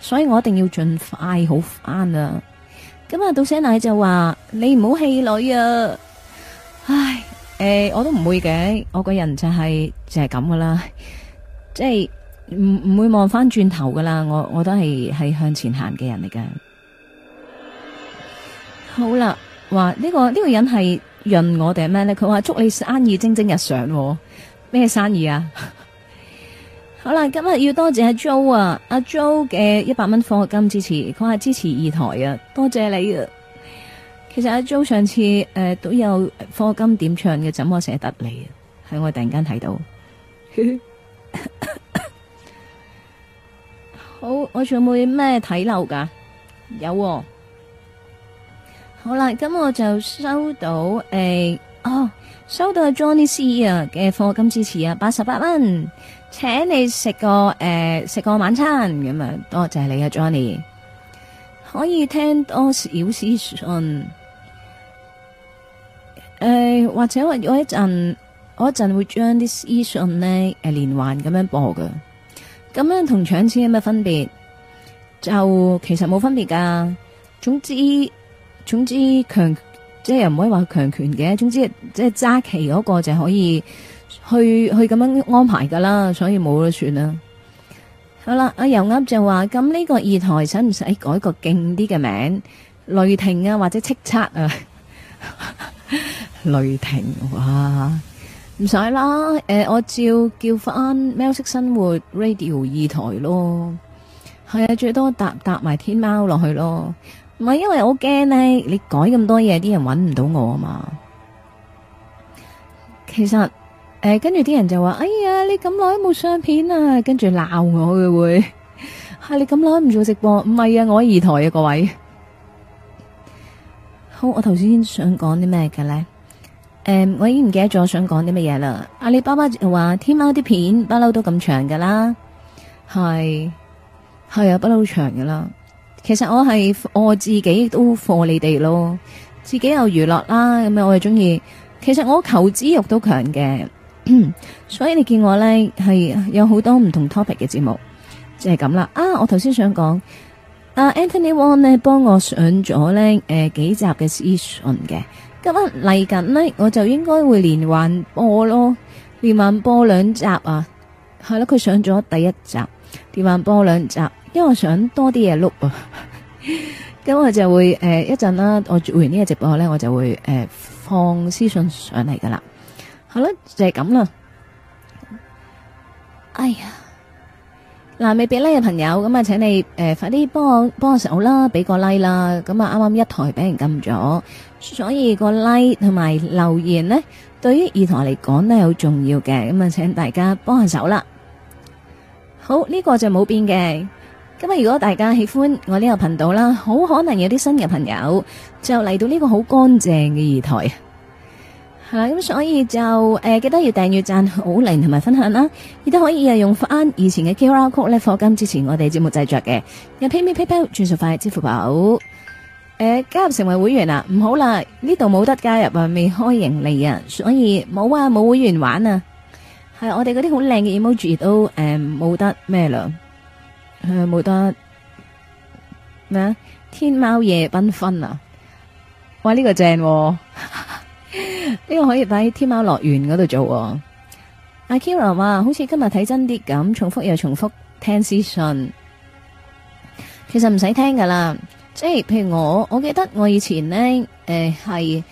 所以我一定要盡快好翻啊。咁啊，到生奶就話你唔好氣餒啊，唉。誒，我都唔會嘅，我個人就係、是、就係咁噶啦，即係唔唔會望翻轉頭噶啦，我我都係係向前行嘅人嚟噶。好啦，話呢、這個呢、這個人係潤我哋係咩咧？佢話祝你生意蒸蒸日上，哦，咩生意啊？ 好啦，今日要多謝阿 Joe 啊，阿、啊、Joe 嘅一百蚊獎學金支持，佢話支持二台啊，多謝你啊！其實阿 Jo、啊、上次誒、呃、都有課金點唱嘅，怎麼寫得你啊？係我突然間睇到的， 好，我仲有冇咩睇漏噶？有、哦，好啦，咁我就收到誒、欸，哦，收到阿 Johnny C 啊嘅課金支持啊，八十八蚊，請你食個誒食、呃、個晚餐，咁啊多謝你啊，Johnny，可以聽多少資誒、呃，或者我一我一陣我一陣會將啲信咧誒連環咁樣播噶，咁樣同搶錢有咩分別？就其實冇分別噶。總之總之強，即係又唔可以話強權嘅。總之即係揸旗嗰個就可以去去咁樣安排噶啦。所以冇得算啦。好啦，阿、啊、油啱就話，咁呢個二台使唔使改一個勁啲嘅名，雷霆啊，或者叱咤啊。 雷霆哇，唔使啦，誒，我照叫翻喵式生活 radio 二台咯。係啊，最多搭搭埋天貓落去咯，唔係，因為我驚咧，你改咁多嘢，啲人揾唔到我啊嘛。其實誒，跟住啲人就話，哎呀，你咁耐都冇相片啊，跟住鬧我嘅會，係你咁耐唔做直播，唔係啊，我喺二台啊，各位。好，我頭先想講啲咩嘅咧？誒、嗯，我已經唔記得咗想講啲乜嘢啦。阿里巴巴話天貓啲片不嬲都咁長噶啦，係係啊，不嬲都長噶啦。其實我係我自己都貨你哋咯，自己有娛樂啦，咁樣我又中意。其實我求知欲都強嘅， 所以你見我咧係有好多唔同 topic 嘅節目，就係咁啦。啊，我頭先想講，阿、啊、Anthony Won 咧幫我上咗咧誒幾集嘅資訊嘅。咁啊，嚟緊呢，我就應該會連環播咯，連環播兩集啊，係咯，佢上咗第一集，連環播兩集，因為我想多啲嘢錄啊。咁 我就會誒、呃，一陣啦，我做完呢個直播咧，我就會誒、呃、放私信上嚟噶啦。好啦，就係咁啦。哎呀，嗱，未俾 like 嘅朋友，咁啊，請你誒、呃，快啲幫我幫我手啦，俾個 like 啦。咁啊，啱啱一台俾人禁咗。.所以個 like 同埋留言呢，對於二台嚟講咧，好重要嘅。咁啊，請大家幫下手啦。好，呢、這個就冇變嘅。咁啊，如果大家喜歡我呢個頻道啦，好可能有啲新嘅朋友就嚟到呢個好乾淨嘅二台啊。吓咁，所以就誒、呃，記得要訂閱、讚好、零同埋分享啦。亦都可以用翻以前嘅 QR Code 咧，課金之前我哋節目製作嘅，有 PayMe、PayPal 轉數快，支付寶。誒，加入成為會員啊？唔好啦，呢度冇得加入啊，未開盈利啊，所以冇啊，冇會員玩啊，係我哋嗰啲好靚嘅 emoji 都誒冇得咩啦，誒冇得咩啊？天貓夜繽紛啊，哇呢個正，呢個可以擺喺天貓樂園嗰度做。阿 Kira 話好似今日睇真啲咁，重複又重複聽私信，其實唔使聽噶啦。即係譬如我，我記得我以前呢，誒係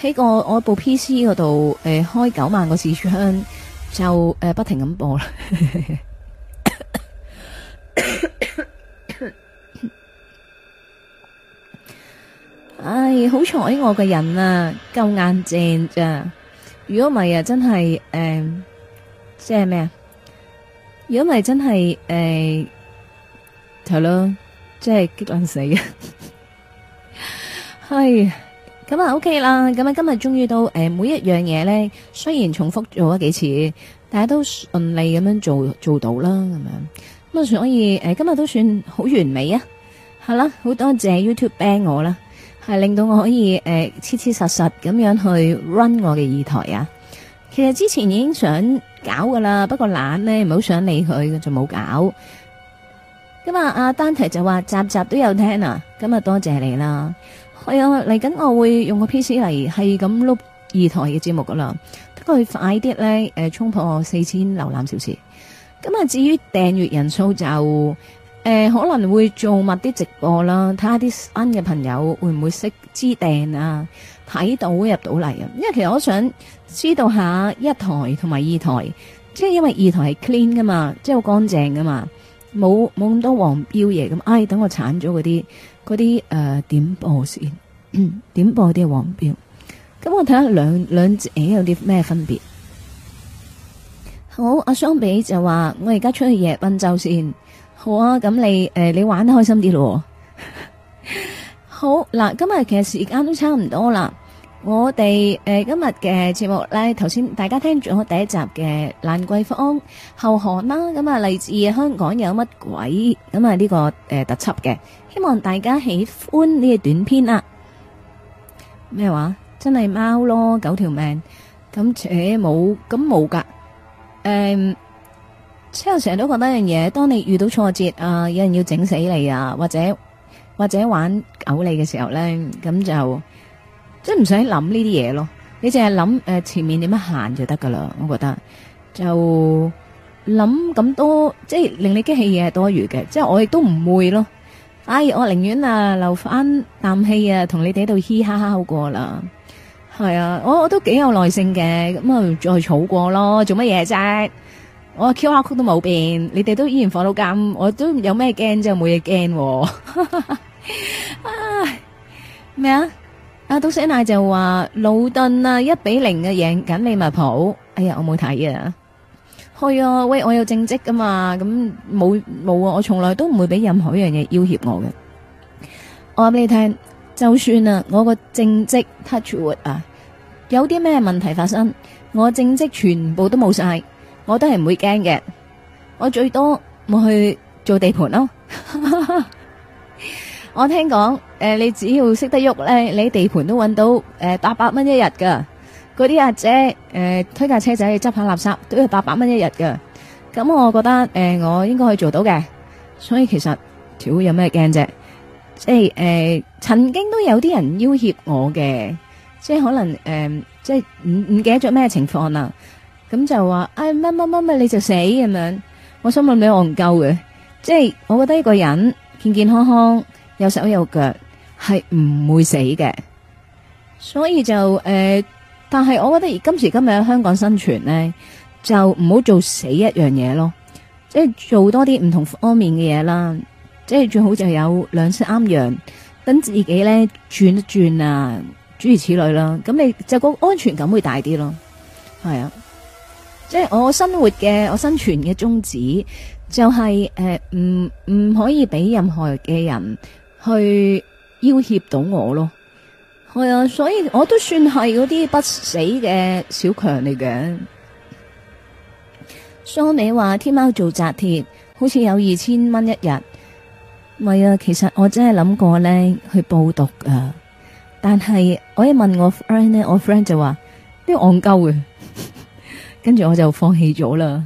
喺個我部 P.C. 嗰度，誒、呃、開九萬個視窗就誒、呃、不停咁播啦。 唉，好彩我個人啊，夠硬淨咋、啊！如果唔係啊，真係誒，即係咩啊？如果唔係真係誒，係、呃、咯。Hello? 即係激卵死啊！ 係咁啊，OK 啦。咁啊，今日終於到誒，每一樣嘢咧，雖然重複做咗幾次，但係都順利咁樣做做到啦，咁樣咁啊，所以誒，今日都算好完美啊！係啦，好多謝 YouTube ban 我啦，係令到我可以誒，切切實實咁樣去 run 我嘅二台啊！其實之前已經想搞噶啦，不過懶咧，唔好想理佢，就冇搞。咁啊，阿丹提就話集集都有聽啊，咁啊多謝你啦。係、嗯、啊，嚟緊我會用個 P C 嚟係咁碌二台嘅節目噶啦，不過要快啲咧，誒、呃、衝破四千瀏覽小時。咁啊，至於訂閱人數就誒、呃、可能會做密啲直播啦，睇下啲新嘅朋友會唔會識知訂啊，睇到入到嚟啊。因為其實我想知道下一台同埋二台，即係因為二台係 clean 噶嘛，即係好乾淨噶嘛。冇冇咁多黃標嘢咁，唉、哎，等我鏟咗嗰啲嗰啲誒點播先，點播啲係、嗯、黃標，咁我睇下兩兩隻有啲咩分別。好，阿相比就話我而家出去夜奔就先，好啊，咁你誒、呃、你玩得開心啲咯。 好嗱，今日其實時間都差唔多啦。我哋誒今日嘅節目咧，頭先大家聽住我第一集嘅《蘭桂坊後巷》啦，咁啊嚟自《香港有乜鬼》？咁啊呢個誒特輯嘅，希望大家喜歡呢個短篇啦。咩話？真係貓咯，九條命，咁且冇，咁冇噶。誒，即係成日都覺得一樣嘢，當你遇到挫折啊，有人要整死你啊，或者或者玩嘔你嘅時候咧，咁就。即係唔使諗呢啲嘢咯，你淨係諗誒前面點樣就行就得噶啦。我覺得就諗咁多，即係令你激氣嘢係多餘嘅。即係我亦都唔會咯。哎，我寧願啊留翻啖氣啊，同、啊、你哋喺度嘻哈哈好過啦。係啊，我我都幾有耐性嘅。咁啊，再儲過咯，做乜嘢啫？我 Q R 曲都冇變，你哋都依然放到監，我都有咩驚就冇嘢驚。 啊，咩啊？阿啊，杜西娜就話魯頓啊，一比零嘅贏緊利物浦。哎呀，我冇睇啊。去啊，喂，我有正職噶嘛，咁冇冇啊，我從來都唔會俾任何一樣嘢要挾我嘅。我話俾你聽，就算啊，我個正職 touch wood 啊，有啲咩問題發生，我正職全部都冇晒，我都係唔會驚嘅。我最多冇去做地盤咯。 我聽講，誒、呃，你只要識得喐咧，你地盤都搵到，誒、呃，八百蚊一日噶。嗰啲阿姐，誒、呃，推架車仔去執下垃圾，都要八百蚊一日噶。咁、嗯、我覺得，誒、呃，我應該可以做到嘅。所以其實條友有咩驚啫？即係誒、呃，曾經都有啲人要挾我嘅，即係可能，誒、呃，即係唔唔記得咗咩情況啦。咁就話，哎，乜乜乜乜，你就死咁樣。我心想問你，我唔夠嘅，即係我覺得一個人健健康康。有手有腳係唔會死嘅，所以就誒、呃，但係我覺得今時今日喺香港生存呢，就唔好做死一樣嘢咯，即係做多啲唔同方面嘅嘢啦，即係最好就有兩三樣，等自己呢轉一轉啊，諸如此類啦。咁你就個安全感會大啲咯，係啊，即係我生活嘅我生存嘅宗旨就係、是、誒，唔、呃、唔可以俾任何嘅人。去要挾到我咯，係啊，所以我都算係嗰啲不死嘅小強嚟嘅。收尾話天喵做紮鐵，好似有二千蚊一日。係啊，其實我真係諗過咧去報讀啊，但係我一問我 friend 咧，我 friend 就話啲戇鳩嘅，跟住 我就放棄咗啦。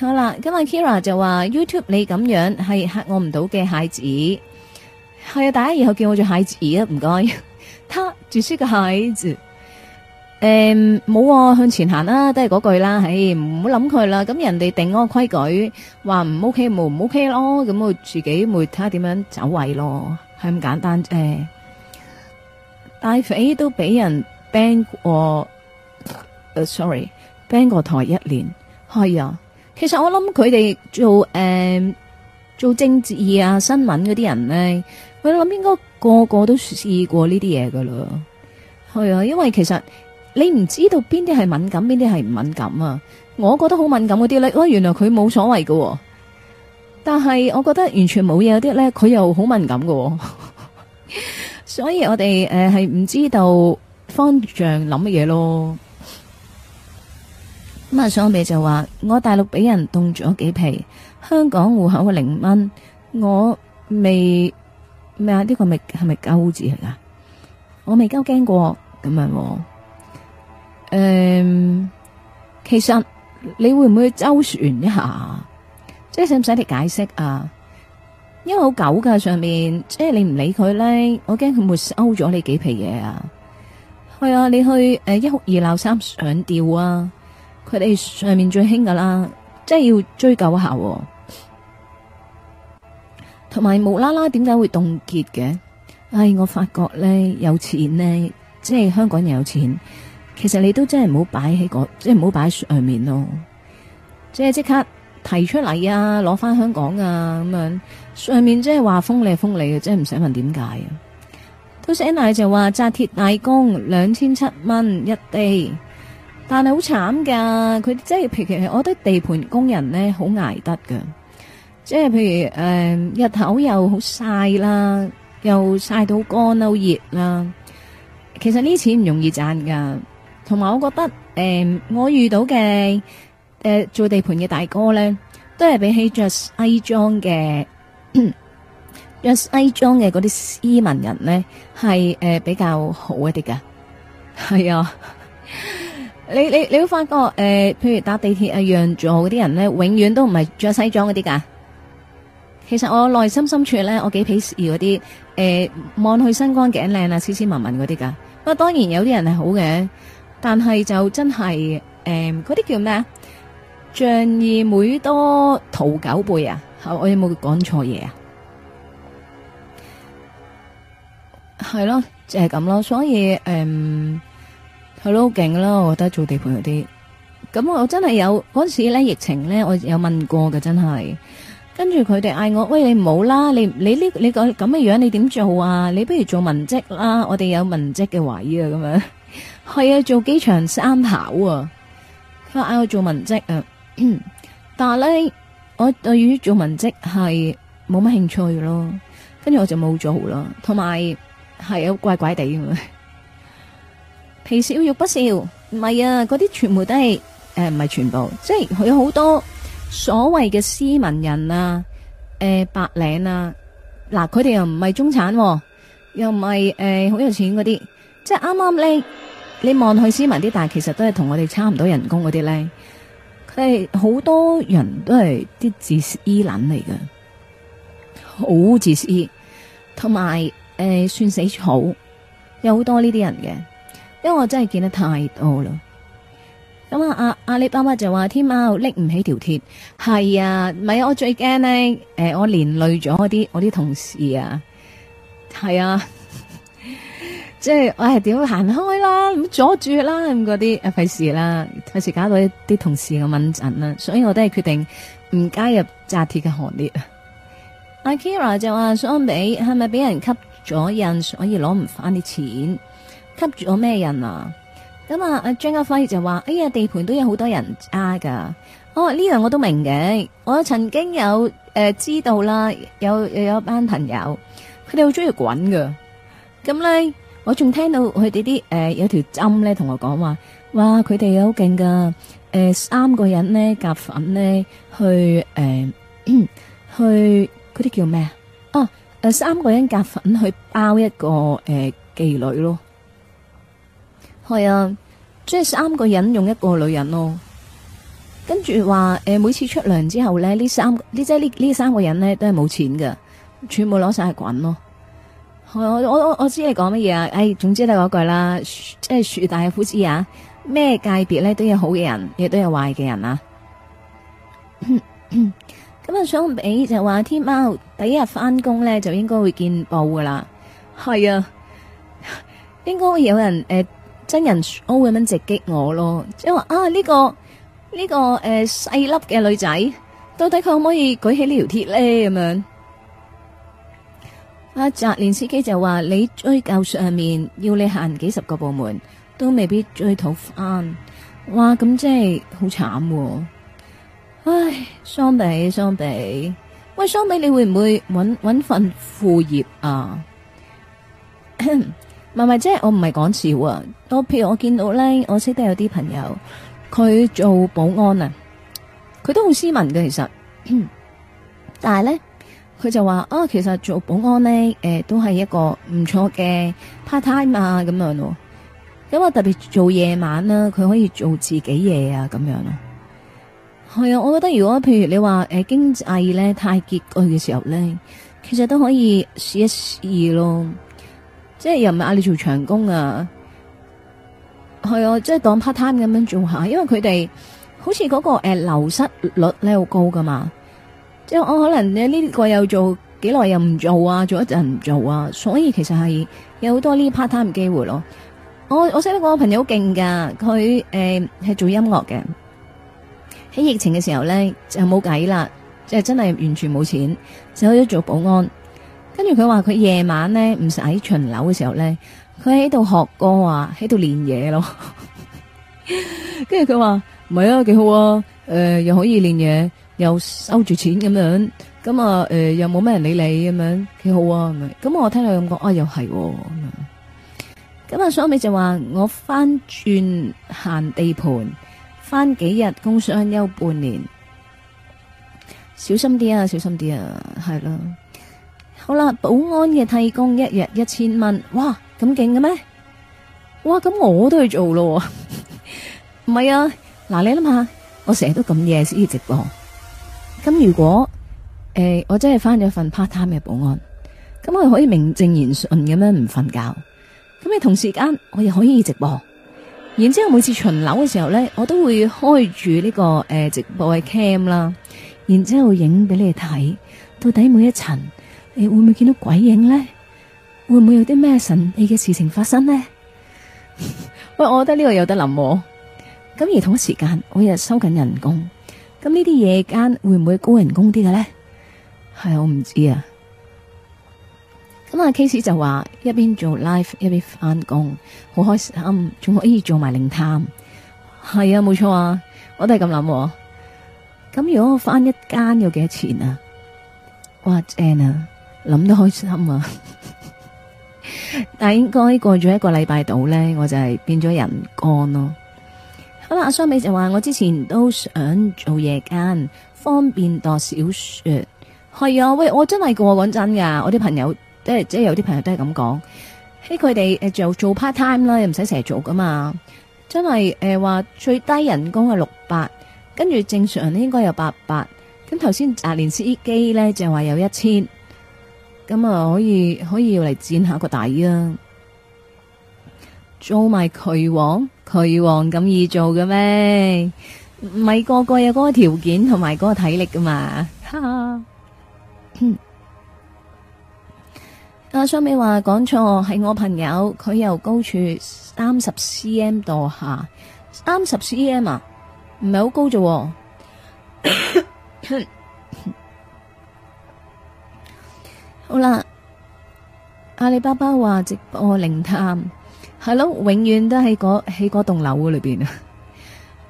好啦，今日 Kira 就話 YouTube 你咁樣係嚇我唔到嘅孩子，係啊，大家以後叫我做孩子啊，唔該，他住書嘅孩子，誒，冇、嗯哦、向前行啦，都係嗰句啦，唉，唔好諗佢啦，咁人哋定嗰個規矩，話唔 OK 冇唔 OK 咯，咁我自己會睇下點樣走位咯，係咁簡單，誒、嗯，大肥都俾人 ban 過，誒、呃、sorry，ban 過台一年，係啊。其實我諗佢哋做誒、呃、做政治啊新聞嗰啲人咧，我諗應該個個都試過呢啲嘢噶啦。係啊，因為其實你唔知道邊啲係敏感，邊啲係唔敏感啊。我覺得好敏感嗰啲咧，原來佢冇所謂噶、哦。但係我覺得完全冇嘢嗰啲咧，佢又好敏感噶、哦。 所以我哋誒係唔知道方丈諗乜嘢咯。咁啊！上面就話我大陸俾人凍咗幾皮，香港戶口嘅零蚊，我未咩啊？呢、這個咪係咪鳩字嚟噶？我未鳩驚過咁樣誒、哦嗯，其實你會唔會周旋一下？即係使唔使你解釋啊？因為好狗噶上面，即係你唔理佢咧，我驚佢會收咗你幾皮嘢啊！係啊，你去誒一哭二鬧三上吊啊！佢哋上面最興噶啦，即係要追究一下，同埋無啦啦點解會凍結嘅？唉，我發覺咧有錢呢，即係香港人有錢，其實你都真係唔好擺喺個，即係唔好擺喺上面咯，即係即刻提出嚟啊，攞翻香港啊咁樣。上面即係話封你，係封你嘅，即係唔使問點解。都寫喇，就話紮鐵大工兩千七蚊一地。但係好慘噶，佢即係，其實我覺得地盤工人咧好捱得噶，即係譬如誒、呃、日頭又好晒啦，又晒到乾啦，好熱啦。其實呢啲錢唔容易賺噶，同埋我覺得誒、呃，我遇到嘅誒、呃、做地盤嘅大哥咧，都係比起着西裝嘅着西裝嘅嗰啲斯文人咧，係誒、呃、比較好一啲噶，係啊。 你你你會發覺誒、呃，譬如搭地鐵啊，讓座嗰啲人咧，永遠都唔係着西裝嗰啲噶。其實我內心深處咧，我幾鄙視嗰啲誒，望去身光頸靚啊，斯斯文文嗰啲噶。不過當然有啲人係好嘅，但係就真係誒，嗰、呃、啲叫咩啊？仗義每多屠狗輩啊！我有冇講錯嘢啊？係咯，就係、是、咁咯。所以誒。呃係咯，勁咯！我覺得做地盤有啲，咁我真係有嗰時咧疫情咧，我有問過㗎，真係。跟住佢哋嗌我，喂，你唔好啦，你你呢、這個、你、這個咁嘅樣，你點做啊？你不如做文職啦，我哋有文職嘅位啊，咁樣。係 啊，做機場三跑啊，佢嗌我做文職啊，但係咧，我對於做文職係冇乜興趣咯。跟住我就冇做啦，同埋係有、啊、怪怪地咁。皮笑肉不笑，唔係啊！嗰啲全部都係誒，唔、呃、係全部，即係佢有好多所謂嘅斯文人啊，誒、呃、白領啊，嗱佢哋又唔係中產、啊，又唔係誒好有錢嗰啲，即係啱啱呢。你望佢斯文啲，但係其實都係同我哋差唔多人工嗰啲咧，佢係好多人都係啲自私撚嚟嘅，好自私，同埋誒算死草，有好多呢啲人嘅。因為我真係見得太多啦，咁啊阿阿里巴巴就話：天喵拎唔起條鐵，係啊，咪我最驚咧，誒、呃，我連累咗我啲我啲同事啊，係啊，即係、就是、我係點行開啦，唔阻住啦，咁嗰啲啊費事啦，費事搞到一啲同事咁敏感啦，所以我都係決定唔加入紮鐵嘅行列。阿 Kira 就話相比係咪俾人吸咗印，所以攞唔翻啲錢？吸住我咩人啊？咁啊，阿張家輝就話：「哎呀，地盤都有好多人㗎。」哦，呢樣我都明嘅，我曾經有誒、呃、知道啦，有有，有一班朋友，佢哋好中意滾㗎。咁咧，我仲聽到佢哋啲誒有條針咧同我講話，哇！佢哋好勁㗎，誒、呃、三個人咧夾份咧去誒、呃、去嗰啲叫咩啊？哦、呃，誒三個人夾份去包一個誒、呃、妓女咯。係啊，即、就、係、是、三個人用一個女人咯、哦，跟住話誒，每次出糧之後咧，呢三呢即係呢呢三個人咧都係冇錢嘅，全部攞晒去滾咯、啊。我我我我知你講乜嘢啊。誒、哎，總之都係嗰句啦，即係樹大有枯枝啊，咩界別咧都有好嘅人，亦都有壞嘅人啊。咁啊、 嗯嗯，想俾就話天喵第一日翻工咧就應該會見報噶啦。係啊， 應該會有人誒。呃真人我會咁樣直擊我咯，即係話啊呢、這個呢、這個誒細、呃、粒嘅女仔，到底佢可唔可以舉起這條鐵呢條鐵咧？咁樣阿澤、啊、連司機就話：你追究上面要你行幾十個部門，都未必追討翻。哇！咁真係好慘，唉，相比相比，喂，相比你會唔會搵搵份副業啊？咳咳唔係即係我唔係講笑啊！我譬如我見到咧，我識得有啲朋友，佢做保安啊，佢都好斯文嘅其實，但係咧佢就話啊，其實做保安咧，誒、呃、都係一個唔錯嘅 part time 啊，咁樣咯。因為，特別做夜晚啦，佢可以做自己嘢啊，咁樣咯。係啊，我覺得如果譬如你話誒、呃、經濟咧太拮據嘅時候咧，其實都可以試一試咯。即係又唔係嗌你做長工啊。係啊，即係當 part time 咁樣做下，因為佢哋好似嗰個誒、流失率咧好高噶嘛。即係我可能你呢個又做幾耐又唔做啊，做一陣唔做啊，所以其實係有好多呢 part time 嘅機會咯。我我識得個朋友好勁噶，佢誒、係做音樂嘅。喺疫情嘅時候咧就冇計啦，即係真係完全冇錢，就可以做保安。跟住佢話佢夜晚咧唔使巡樓嘅時候咧，佢喺度學歌話，喺度練嘢咯。跟住佢話唔係啊，幾好啊，誒、呃、又可以練嘢，又收住錢咁樣，咁啊誒又冇咩人理你咁樣，幾好啊。咁我聽到咁講啊又係、哦，咁啊所尾就話 我翻轉行地盤，翻幾日工商休半年，小心啲啊，小心啲啊，係啦。好啦，保安嘅替工一日一千蚊，哇，咁勁嘅咩？哇，咁我都去做咯、哦，唔 係啊？嗱，你諗下，我成日都咁夜先直播。咁如果誒、欸，我真係翻咗份 part time 嘅保安，咁我可以名正言順咁樣唔瞓覺。咁你同時間我又可以直播。然之後每次巡樓嘅時候咧，我都會開住呢、這個誒、呃、直播嘅 cam 啦，然之後影俾你睇到底每一層。你會唔會見到鬼影咧？會唔會有啲咩神秘嘅事情發生呢？喂，我覺得呢個有得諗。咁而同一時間，我日收緊人工，咁呢啲夜間會唔會高人工啲嘅咧？係我唔知啊。咁阿 Case 就話一邊做 live 一邊翻工，好開心，仲可以做埋靈探。係啊，冇錯啊，我都係咁諗。咁如果我翻一間，要幾多錢啊？哇，n a 諗得開心啊！ 但係應該過咗一個禮拜度呢，我就係變咗人乾咯。好啦，阿雙美就話我之前都想做夜間，方便讀小說。係啊。喂，我真係噶，我講真噶，我啲朋友即係即係有啲朋友都係咁講喺佢哋誒，就、呃、做，做 part time 啦，又唔使成日做噶嘛。真係誒，話、呃、最低人工係六百，跟住正常咧應該有八百。咁頭先廿年司機呢，就話有一千。咁啊，可以可以要嚟墊下個底啊？做埋渠王，渠王咁易做嘅咩？唔係個個有嗰個條件同埋嗰個體力噶嘛？哈 哈、啊！阿雙美話講錯，係我朋友，佢由高處三十 cm 墮下，三十 cm 啊，唔係好高啫。 好啦，Hola，阿里巴巴話直播靈探係咯，Hello，永遠都喺嗰喺嗰棟樓裏邊 啊。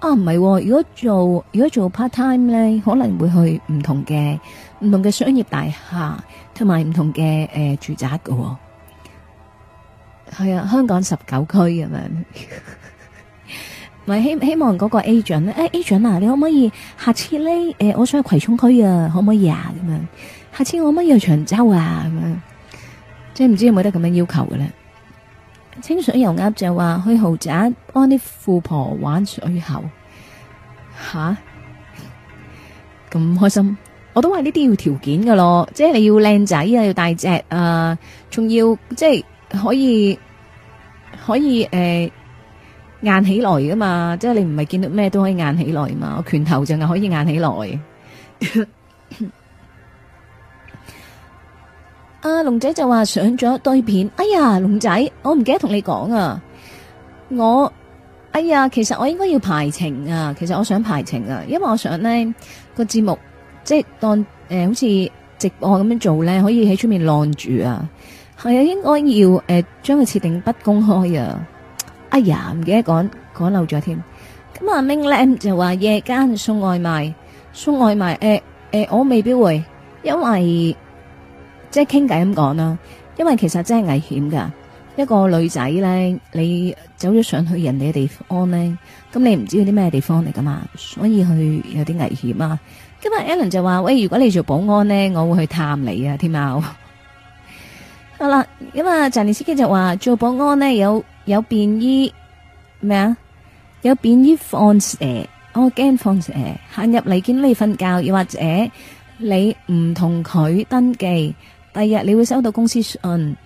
啊，唔係，如果做如果做 part time 咧，可能會去唔同嘅唔同嘅商業大廈，還有不同埋唔同嘅誒住宅㗎，哦。係 啊，香港十九區咁樣。咪 希希望嗰個 agent，誒、欸、agent 啊，你可唔可以下次咧？誒、呃，我想去葵涌區啊，可唔可以啊？咁樣。下次我乜要去長洲啊咁樣，即係唔知有冇得咁樣要求嘅咧？清水油鴨就話去豪宅幫啲富婆玩水喉，吓咁開心！我都話呢啲要條件嘅咯，即係你要靚仔啊，要大隻啊，仲、呃、要即係可以可以誒、呃，硬起來噶嘛，即係你唔係見到咩都可以硬起來嘛，我拳頭就係可以硬起來的。 阿龍仔就話上咗一堆片，哎呀，龍仔，我唔記得同你講啊，我，哎呀，其實我應該要排程啊，其實我想排程啊，因為我想呢個節目即係當誒好似直播咁樣做呢，可以喺出面晾住啊，係啊，應該要誒將佢設定不公開啊，哎呀，唔記得講講漏咗添，咁阿明呢就話夜間送外賣，送外賣，誒誒，我未必會，因為。即係傾偈咁講啦，因為其實真係危險噶。一個女仔咧，你走咗上去人哋嘅地方咧，咁你唔知啲咩地方嚟噶嘛，所以佢有啲危險啊。咁啊，Alan 就話喂，如果你做保安咧，我會去探你啊，添啊。好啦，咁啊，助理司機就話做保安咧，有有便衣咩啊？有便衣放蛇，我驚放蛇行入嚟見你瞓覺，又或者你唔同佢登記。第日你會收到公司信，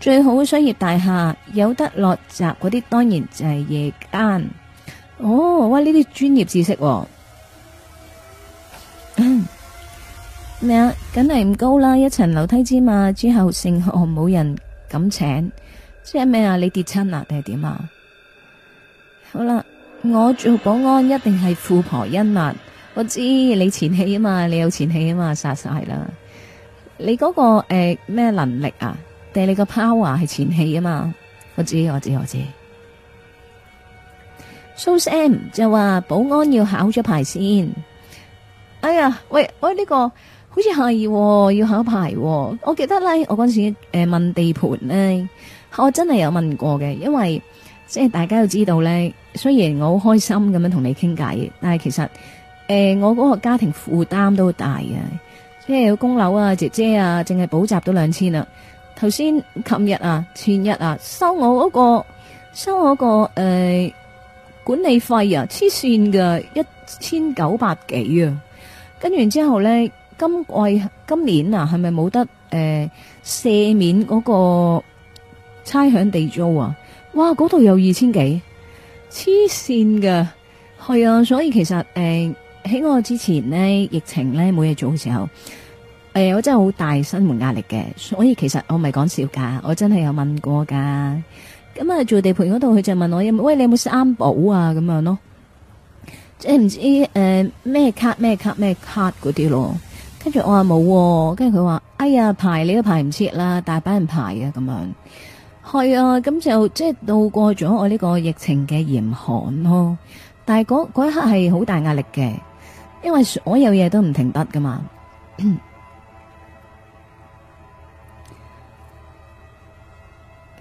最好嘅商業大廈有得落閘嗰啲，當然就係夜間。哦，哇！呢啲專業知識，哦，咩啊？梗係唔高啦，一層樓梯之嘛，之後剩下冇人敢請。即係咩啊？你跌親啊？定係點啊？好啦，我做保安一定係富婆恩物。我知你前戲啊嘛，你有前戲啊嘛，殺晒啦。你嗰、那個誒咩、呃、能力啊？定你個 power 係前戲啊嘛？我知我知我知。s、so、u s a M 就話保安要考咗牌先。哎呀，喂喂，呢、這個好似係、哦、要考牌、哦。我記得咧，我嗰陣時誒、呃、問地盤咧，我真係有問過嘅，因為即係大家都知道咧。雖然我好開心咁樣同你傾偈，但係其實誒、呃、我嗰個家庭負擔都好大嘅。即係有供樓啊，姐姐啊，淨係補習都兩千啦。頭先、琴日啊、前日啊，收我嗰個，收我個誒、呃、管理費啊，黐線噶，一千九百幾啊。跟住之後咧，今季、今年啊，係咪冇得誒，赦、呃、免嗰個差餉地租啊？哇，嗰度有二千幾，黐線噶，係啊，所以其實誒。呃喺我之前呢，疫情呢，冇嘢做嘅時候，誒、哎，我真係好大生活壓力嘅，所以其實我唔係講笑噶，我真係有問過噶。咁啊，做地盤嗰度，佢就問我：，喂，你有冇三寶啊？咁樣咯，即係唔知誒咩、呃、卡咩卡咩卡嗰啲咯。跟住我話冇、啊，跟住佢話：，哎呀，排你都排唔切啦，大把人排啊，咁樣。係啊，咁就即係渡過咗我呢個疫情嘅嚴寒咯。但係嗰一刻係好大壓力嘅。因為所有嘢都唔停得噶嘛。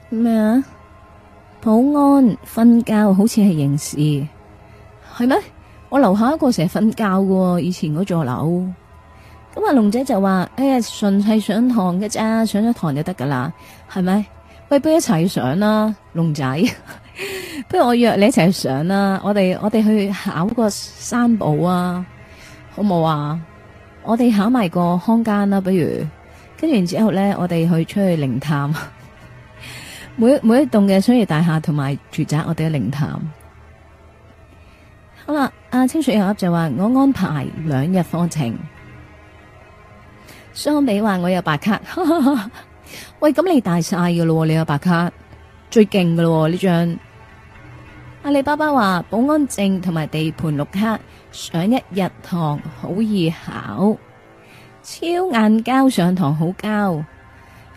咩啊？ 保安瞓覺好似係刑事，係咩？我樓下一個成日瞓覺㗎，以前嗰座樓。咁啊，龍仔就話：，哎呀，純係上堂嘅咋，上咗堂就得噶啦，係咪？喂，不如一齊上啦，龍仔。 不如我約你一齊上啦，我哋我哋去考個三寶啊！我冇啊！我哋考埋個空間啦，不如跟住之後咧，我哋去出去靈探每一每一棟嘅商業大廈同埋住宅，我哋去靈探。好啦，阿、啊、清水鴨就話我安排兩日課程，相比話我有白卡，哈哈哈哈，喂，咁你大晒噶咯，你有白卡最勁噶咯呢張。阿里巴巴話保安證同埋地盤綠卡。上一日堂好易考，超硬膠，上堂好膠，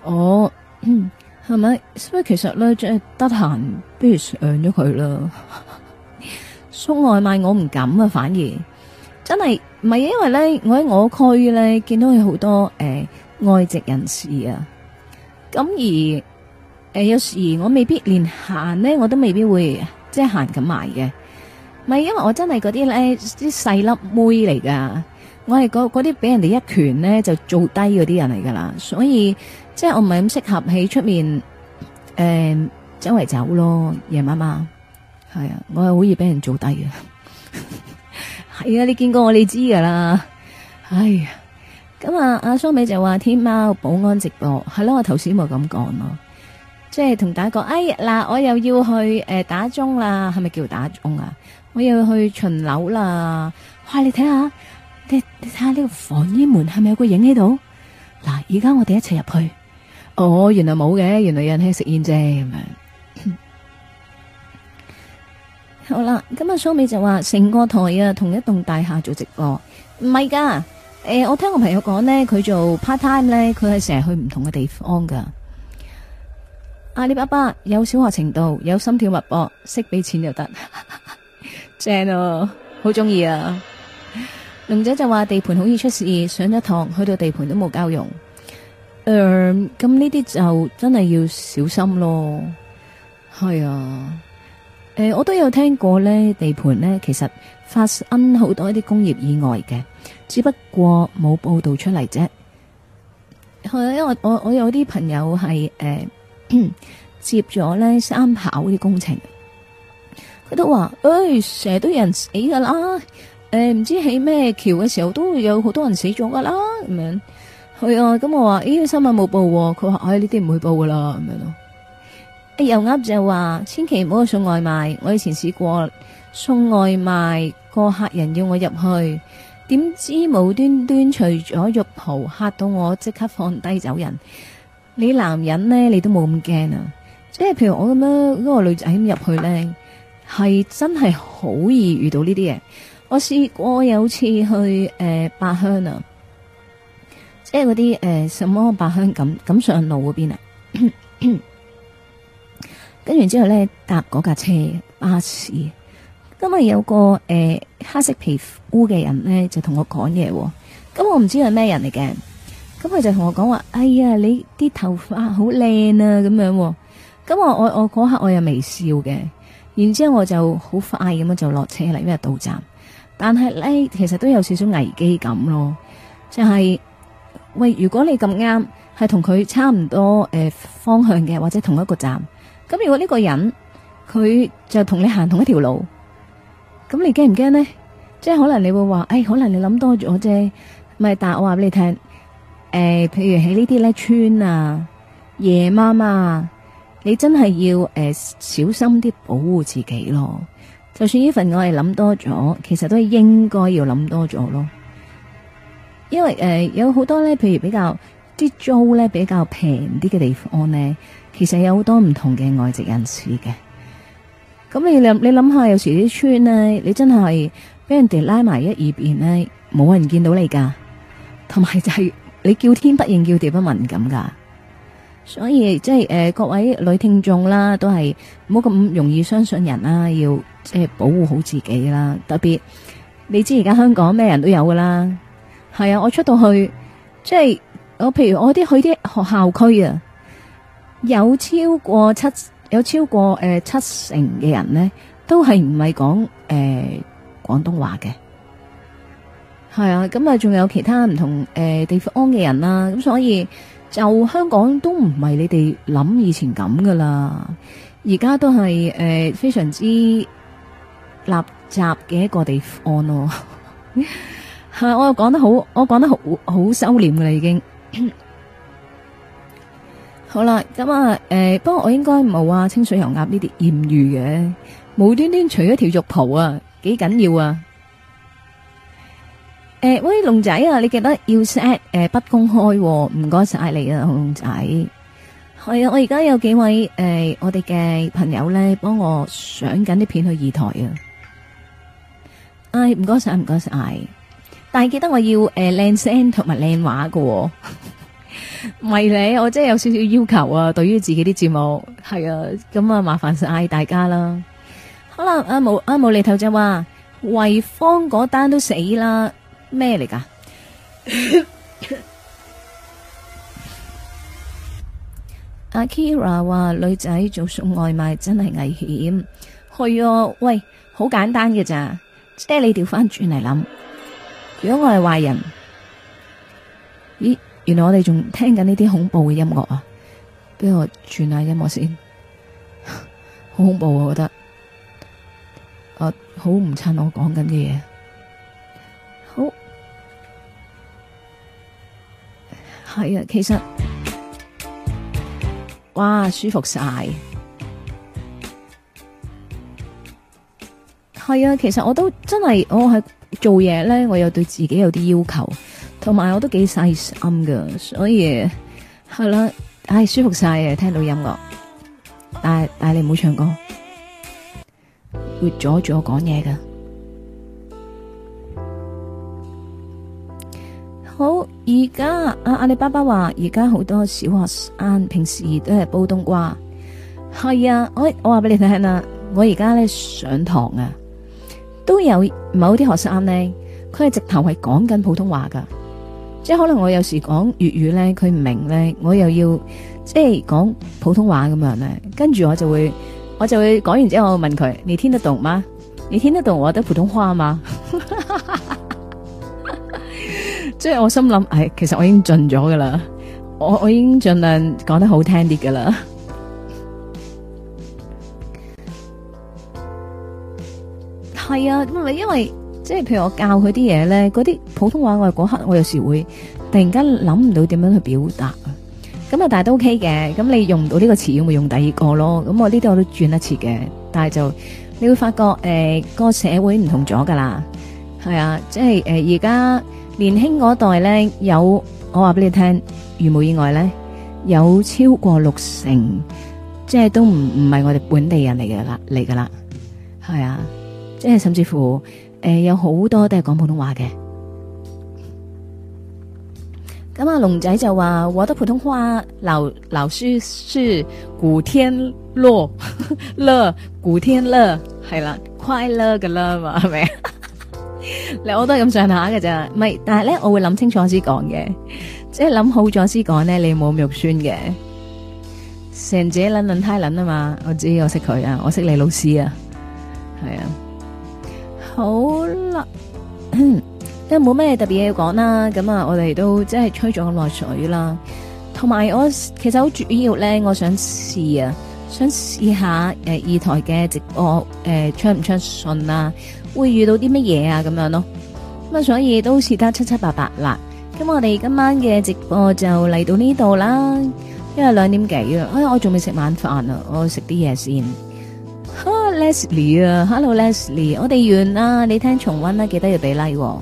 我係咪？所、嗯、以其實咧，即係得閒不如上咗佢啦。 送外賣我唔敢啊，反而真係唔係因為咧，我喺我區咧見到有好多誒、呃、外籍人士啊，咁而誒、呃、有時我未必連行咧我都未必會即係行咁埋嘅。唔係，因為我真係嗰啲咧，啲細粒妹嚟噶。我係嗰啲俾人哋一拳咧就做低嗰啲人嚟噶啦。所以即係我唔係咁適合喺出面誒、呃、周圍走咯，夜媽媽。係啊，我係好易俾人做低嘅。係 啊，你見過我你知㗎啦。哎呀，咁啊，阿蘇美就話天貓保安直播係咯、啊，我頭先冇咁講咯。即係同大家講，哎嗱，我又要去、呃、打鐘啦，係咪叫打鐘啊？我要去巡樓啦，快你睇下，你你睇下呢個防煙門係咪有個影喺度？嗱，而家我哋一齊入去。哦，原來冇嘅，原來有人喺食煙啫咁樣。好啦，阿蘇美就話成個台啊同一棟大廈做直播，唔係噶。誒、呃，我聽我朋友講呢，佢做 part time 咧，佢係成日去唔同嘅地方噶。阿里巴巴有小學程度，有心跳脈搏，識俾錢就得。 正啊，好中意啊！龍仔、啊、就話地盤好易出事，上咗堂去到地盤都冇交用。嗯、呃，咁呢啲就真係要小心咯。係啊，誒、呃，我都有聽過呢地盤呢，其實發生好多一啲工業意外嘅，只不過冇報道出嚟啫。係啊，因為我我,我有啲朋友係誒、呃、接咗呢三跑啲工程。都話，誒，成日都有人死噶啦，誒、欸，唔知起咩橋嘅時候都有好多人死咗噶啦，咁樣，係、嗯、啊，咁、嗯、我話，呢、欸、個新聞冇報，佢話，唉、欸，呢啲唔會報噶啦，咁樣咯。又啱就話，千祈唔好去送外賣，我以前試過送外賣，個客人要我入去，點知無端端除咗浴袍嚇到我，即刻放低走人。你男人呢？你都冇咁驚啊，即係譬如我咁樣，嗰個女仔咁入去呢。」係真係好易遇到呢啲嘢。我試過有次去誒、呃、八鄉啊，即係嗰啲誒什麼八鄉錦錦上路嗰邊啊，跟住 之後咧搭嗰架車巴士，咁、嗯、日有個誒、呃、黑色皮膚嘅人咧就同我講嘢、啊，咁、嗯、我唔知係咩人嚟嘅，咁、嗯、佢就同我講話，哎呀，你啲頭髮好靚啊，咁樣、啊，咁、嗯、我我我嗰刻我又微笑嘅。然之後我就好快咁樣就落車嚟，因為到站。但係咧，其實都有少少危機感咯，就係、是、喂，如果你咁啱係同佢差唔多誒、呃、方向嘅，或者同一個站，咁如果呢個人佢就同你行同一條路，咁你驚唔驚呢？即係可能你會話，誒、哎，可能你諗多咗啫。咪但我話俾你聽，誒、呃，譬如喺呢啲咧村啊、夜媽媽、啊。你真係要誒、呃、小心啲保護自己咯，就算呢份愛諗多咗，其實都係應該要諗多咗咯。因為誒、呃、有好多咧，譬如比較啲租咧比較平啲嘅地方咧，其實有好多唔同嘅外籍人士嘅。咁你諗你諗下，有時啲村咧，你真係俾人哋拉埋一邊咧，冇人見到你噶，同埋就係你叫天不應叫地不聞咁噶。所以即係誒、呃，各位女聽眾啦，都係唔好咁容易相信人啦，要即係、呃、保護好自己啦。特別你知而家香港咩人都有噶啦，係啊，我出到去即係我，譬如我啲去啲學校區啊，有超過七有超過誒、呃、七成嘅人呢，都係唔係講誒廣東話嘅。係啊，咁啊，仲有其他唔同誒、呃、地方安嘅人啦，咁所以。就香港都唔係你哋諗以前咁噶啦，而家都係誒、呃、非常之立雜嘅一個地方咯。 我又講得好，我講得好好收斂噶啦，已經。 好啦，咁啊誒、呃，不過我應該冇話清水油鴨呢啲艷遇嘅，無端端除咗條肉蒲啊，幾緊要啊！誒、欸，喂，龍仔啊，你記得要 set 誒、呃、不公開，唔該晒你啊，龍仔。係啊，我而家有幾位誒、呃，我哋嘅朋友咧，幫我上緊啲片去二台啊。唉、哎，唔該晒，唔該晒，但係記得我要誒靚聲同埋靚畫噶、啊。唔係你，我真係有少少要求啊。對於自己啲節目係啊，咁啊麻煩晒大家啦。好啦，阿毛阿毛厘頭就話，維芳嗰單都死啦。咩嚟噶？Akira 話女仔做送外賣真係危險，去哦、啊！喂，好簡單嘅咋？爹，你調翻轉嚟諗。如果我係壞人，咦？原來我哋仲聽緊呢啲恐怖嘅音樂啊！俾我轉下音樂先， 好恐怖、啊、我覺得，啊、我好唔襯我講緊嘅嘢。係啊，其實哇舒服晒。係啊，其實我都真係，我係做嘢咧，我又對自己有啲要求，同埋我都幾細心噶，所以係啦，唉，哎，舒服晒啊！聽到音樂。但係但係你唔好唱歌，會阻住我講嘢噶。好。而家阿阿里巴巴話，而家好多小學生平時都係煲冬瓜。係啊，我話俾你聽啊，我而家咧上堂啊，都有某啲學生咧，佢係直頭係講緊普通話噶，即係可能我有時講粵語咧，佢唔明咧，我又要即係講普通話咁樣咧，跟住我就會，我就會講完之後我問佢，你聽得懂嗎？你聽得懂我的普通話嗎？ 即係我心諗，誒、哎，其實我已經盡咗噶啦。我我已經盡量講得好聽啲噶啦。係啊，唔係因為即係，譬如我教佢啲嘢咧，嗰啲普通話我嗰刻我有時會突然間諗唔到點樣去表達啊。咁啊，但係都 OK 嘅。咁你用唔到呢個詞，咪用第二個咯。咁我呢啲我都轉一次嘅。但係就你會發覺，誒、呃，個社會唔同咗噶啦。係啊，即係誒而家。呃年輕嗰代咧有，我話俾你聽，如無意外咧，有超過六成，即係都唔唔係我哋本地人嚟嘅啦，嚟噶啦，係啊，即係甚至乎誒、呃、有好多都係講普通話嘅。咁啊，龍仔就話：我得普通話老，劉劉書書，古天樂樂，古天樂係啦，快樂嘅樂啦，係咪？嚟 我都係咁上下㗎咋。唔係，但係咧我會諗清楚先講嘅，即係諗好咗先講咧，你冇咁肉酸嘅，成者捻捻太捻啊嘛，我知我識佢啊，我，識，我識你老師啊，係啊，好啦，都冇咩特別嘢要講啦，咁啊，我哋都即係吹咗咁耐水啦，同埋我其實好主要咧，我想試、呃、啊，想試下誒二台嘅直播誒，出唔出順啊？會遇到啲乜嘢啊咁樣咯，咁啊，所以都試得七七八八啦。咁我哋今晚嘅直播就嚟到呢度啦，因為兩點幾啊，哎我仲未食晚飯啊，我食啲嘢先吃東西、啊。Leslie 啊，Hello Leslie，我哋完啦，你聽重温啦、啊，記得要俾 like、啊。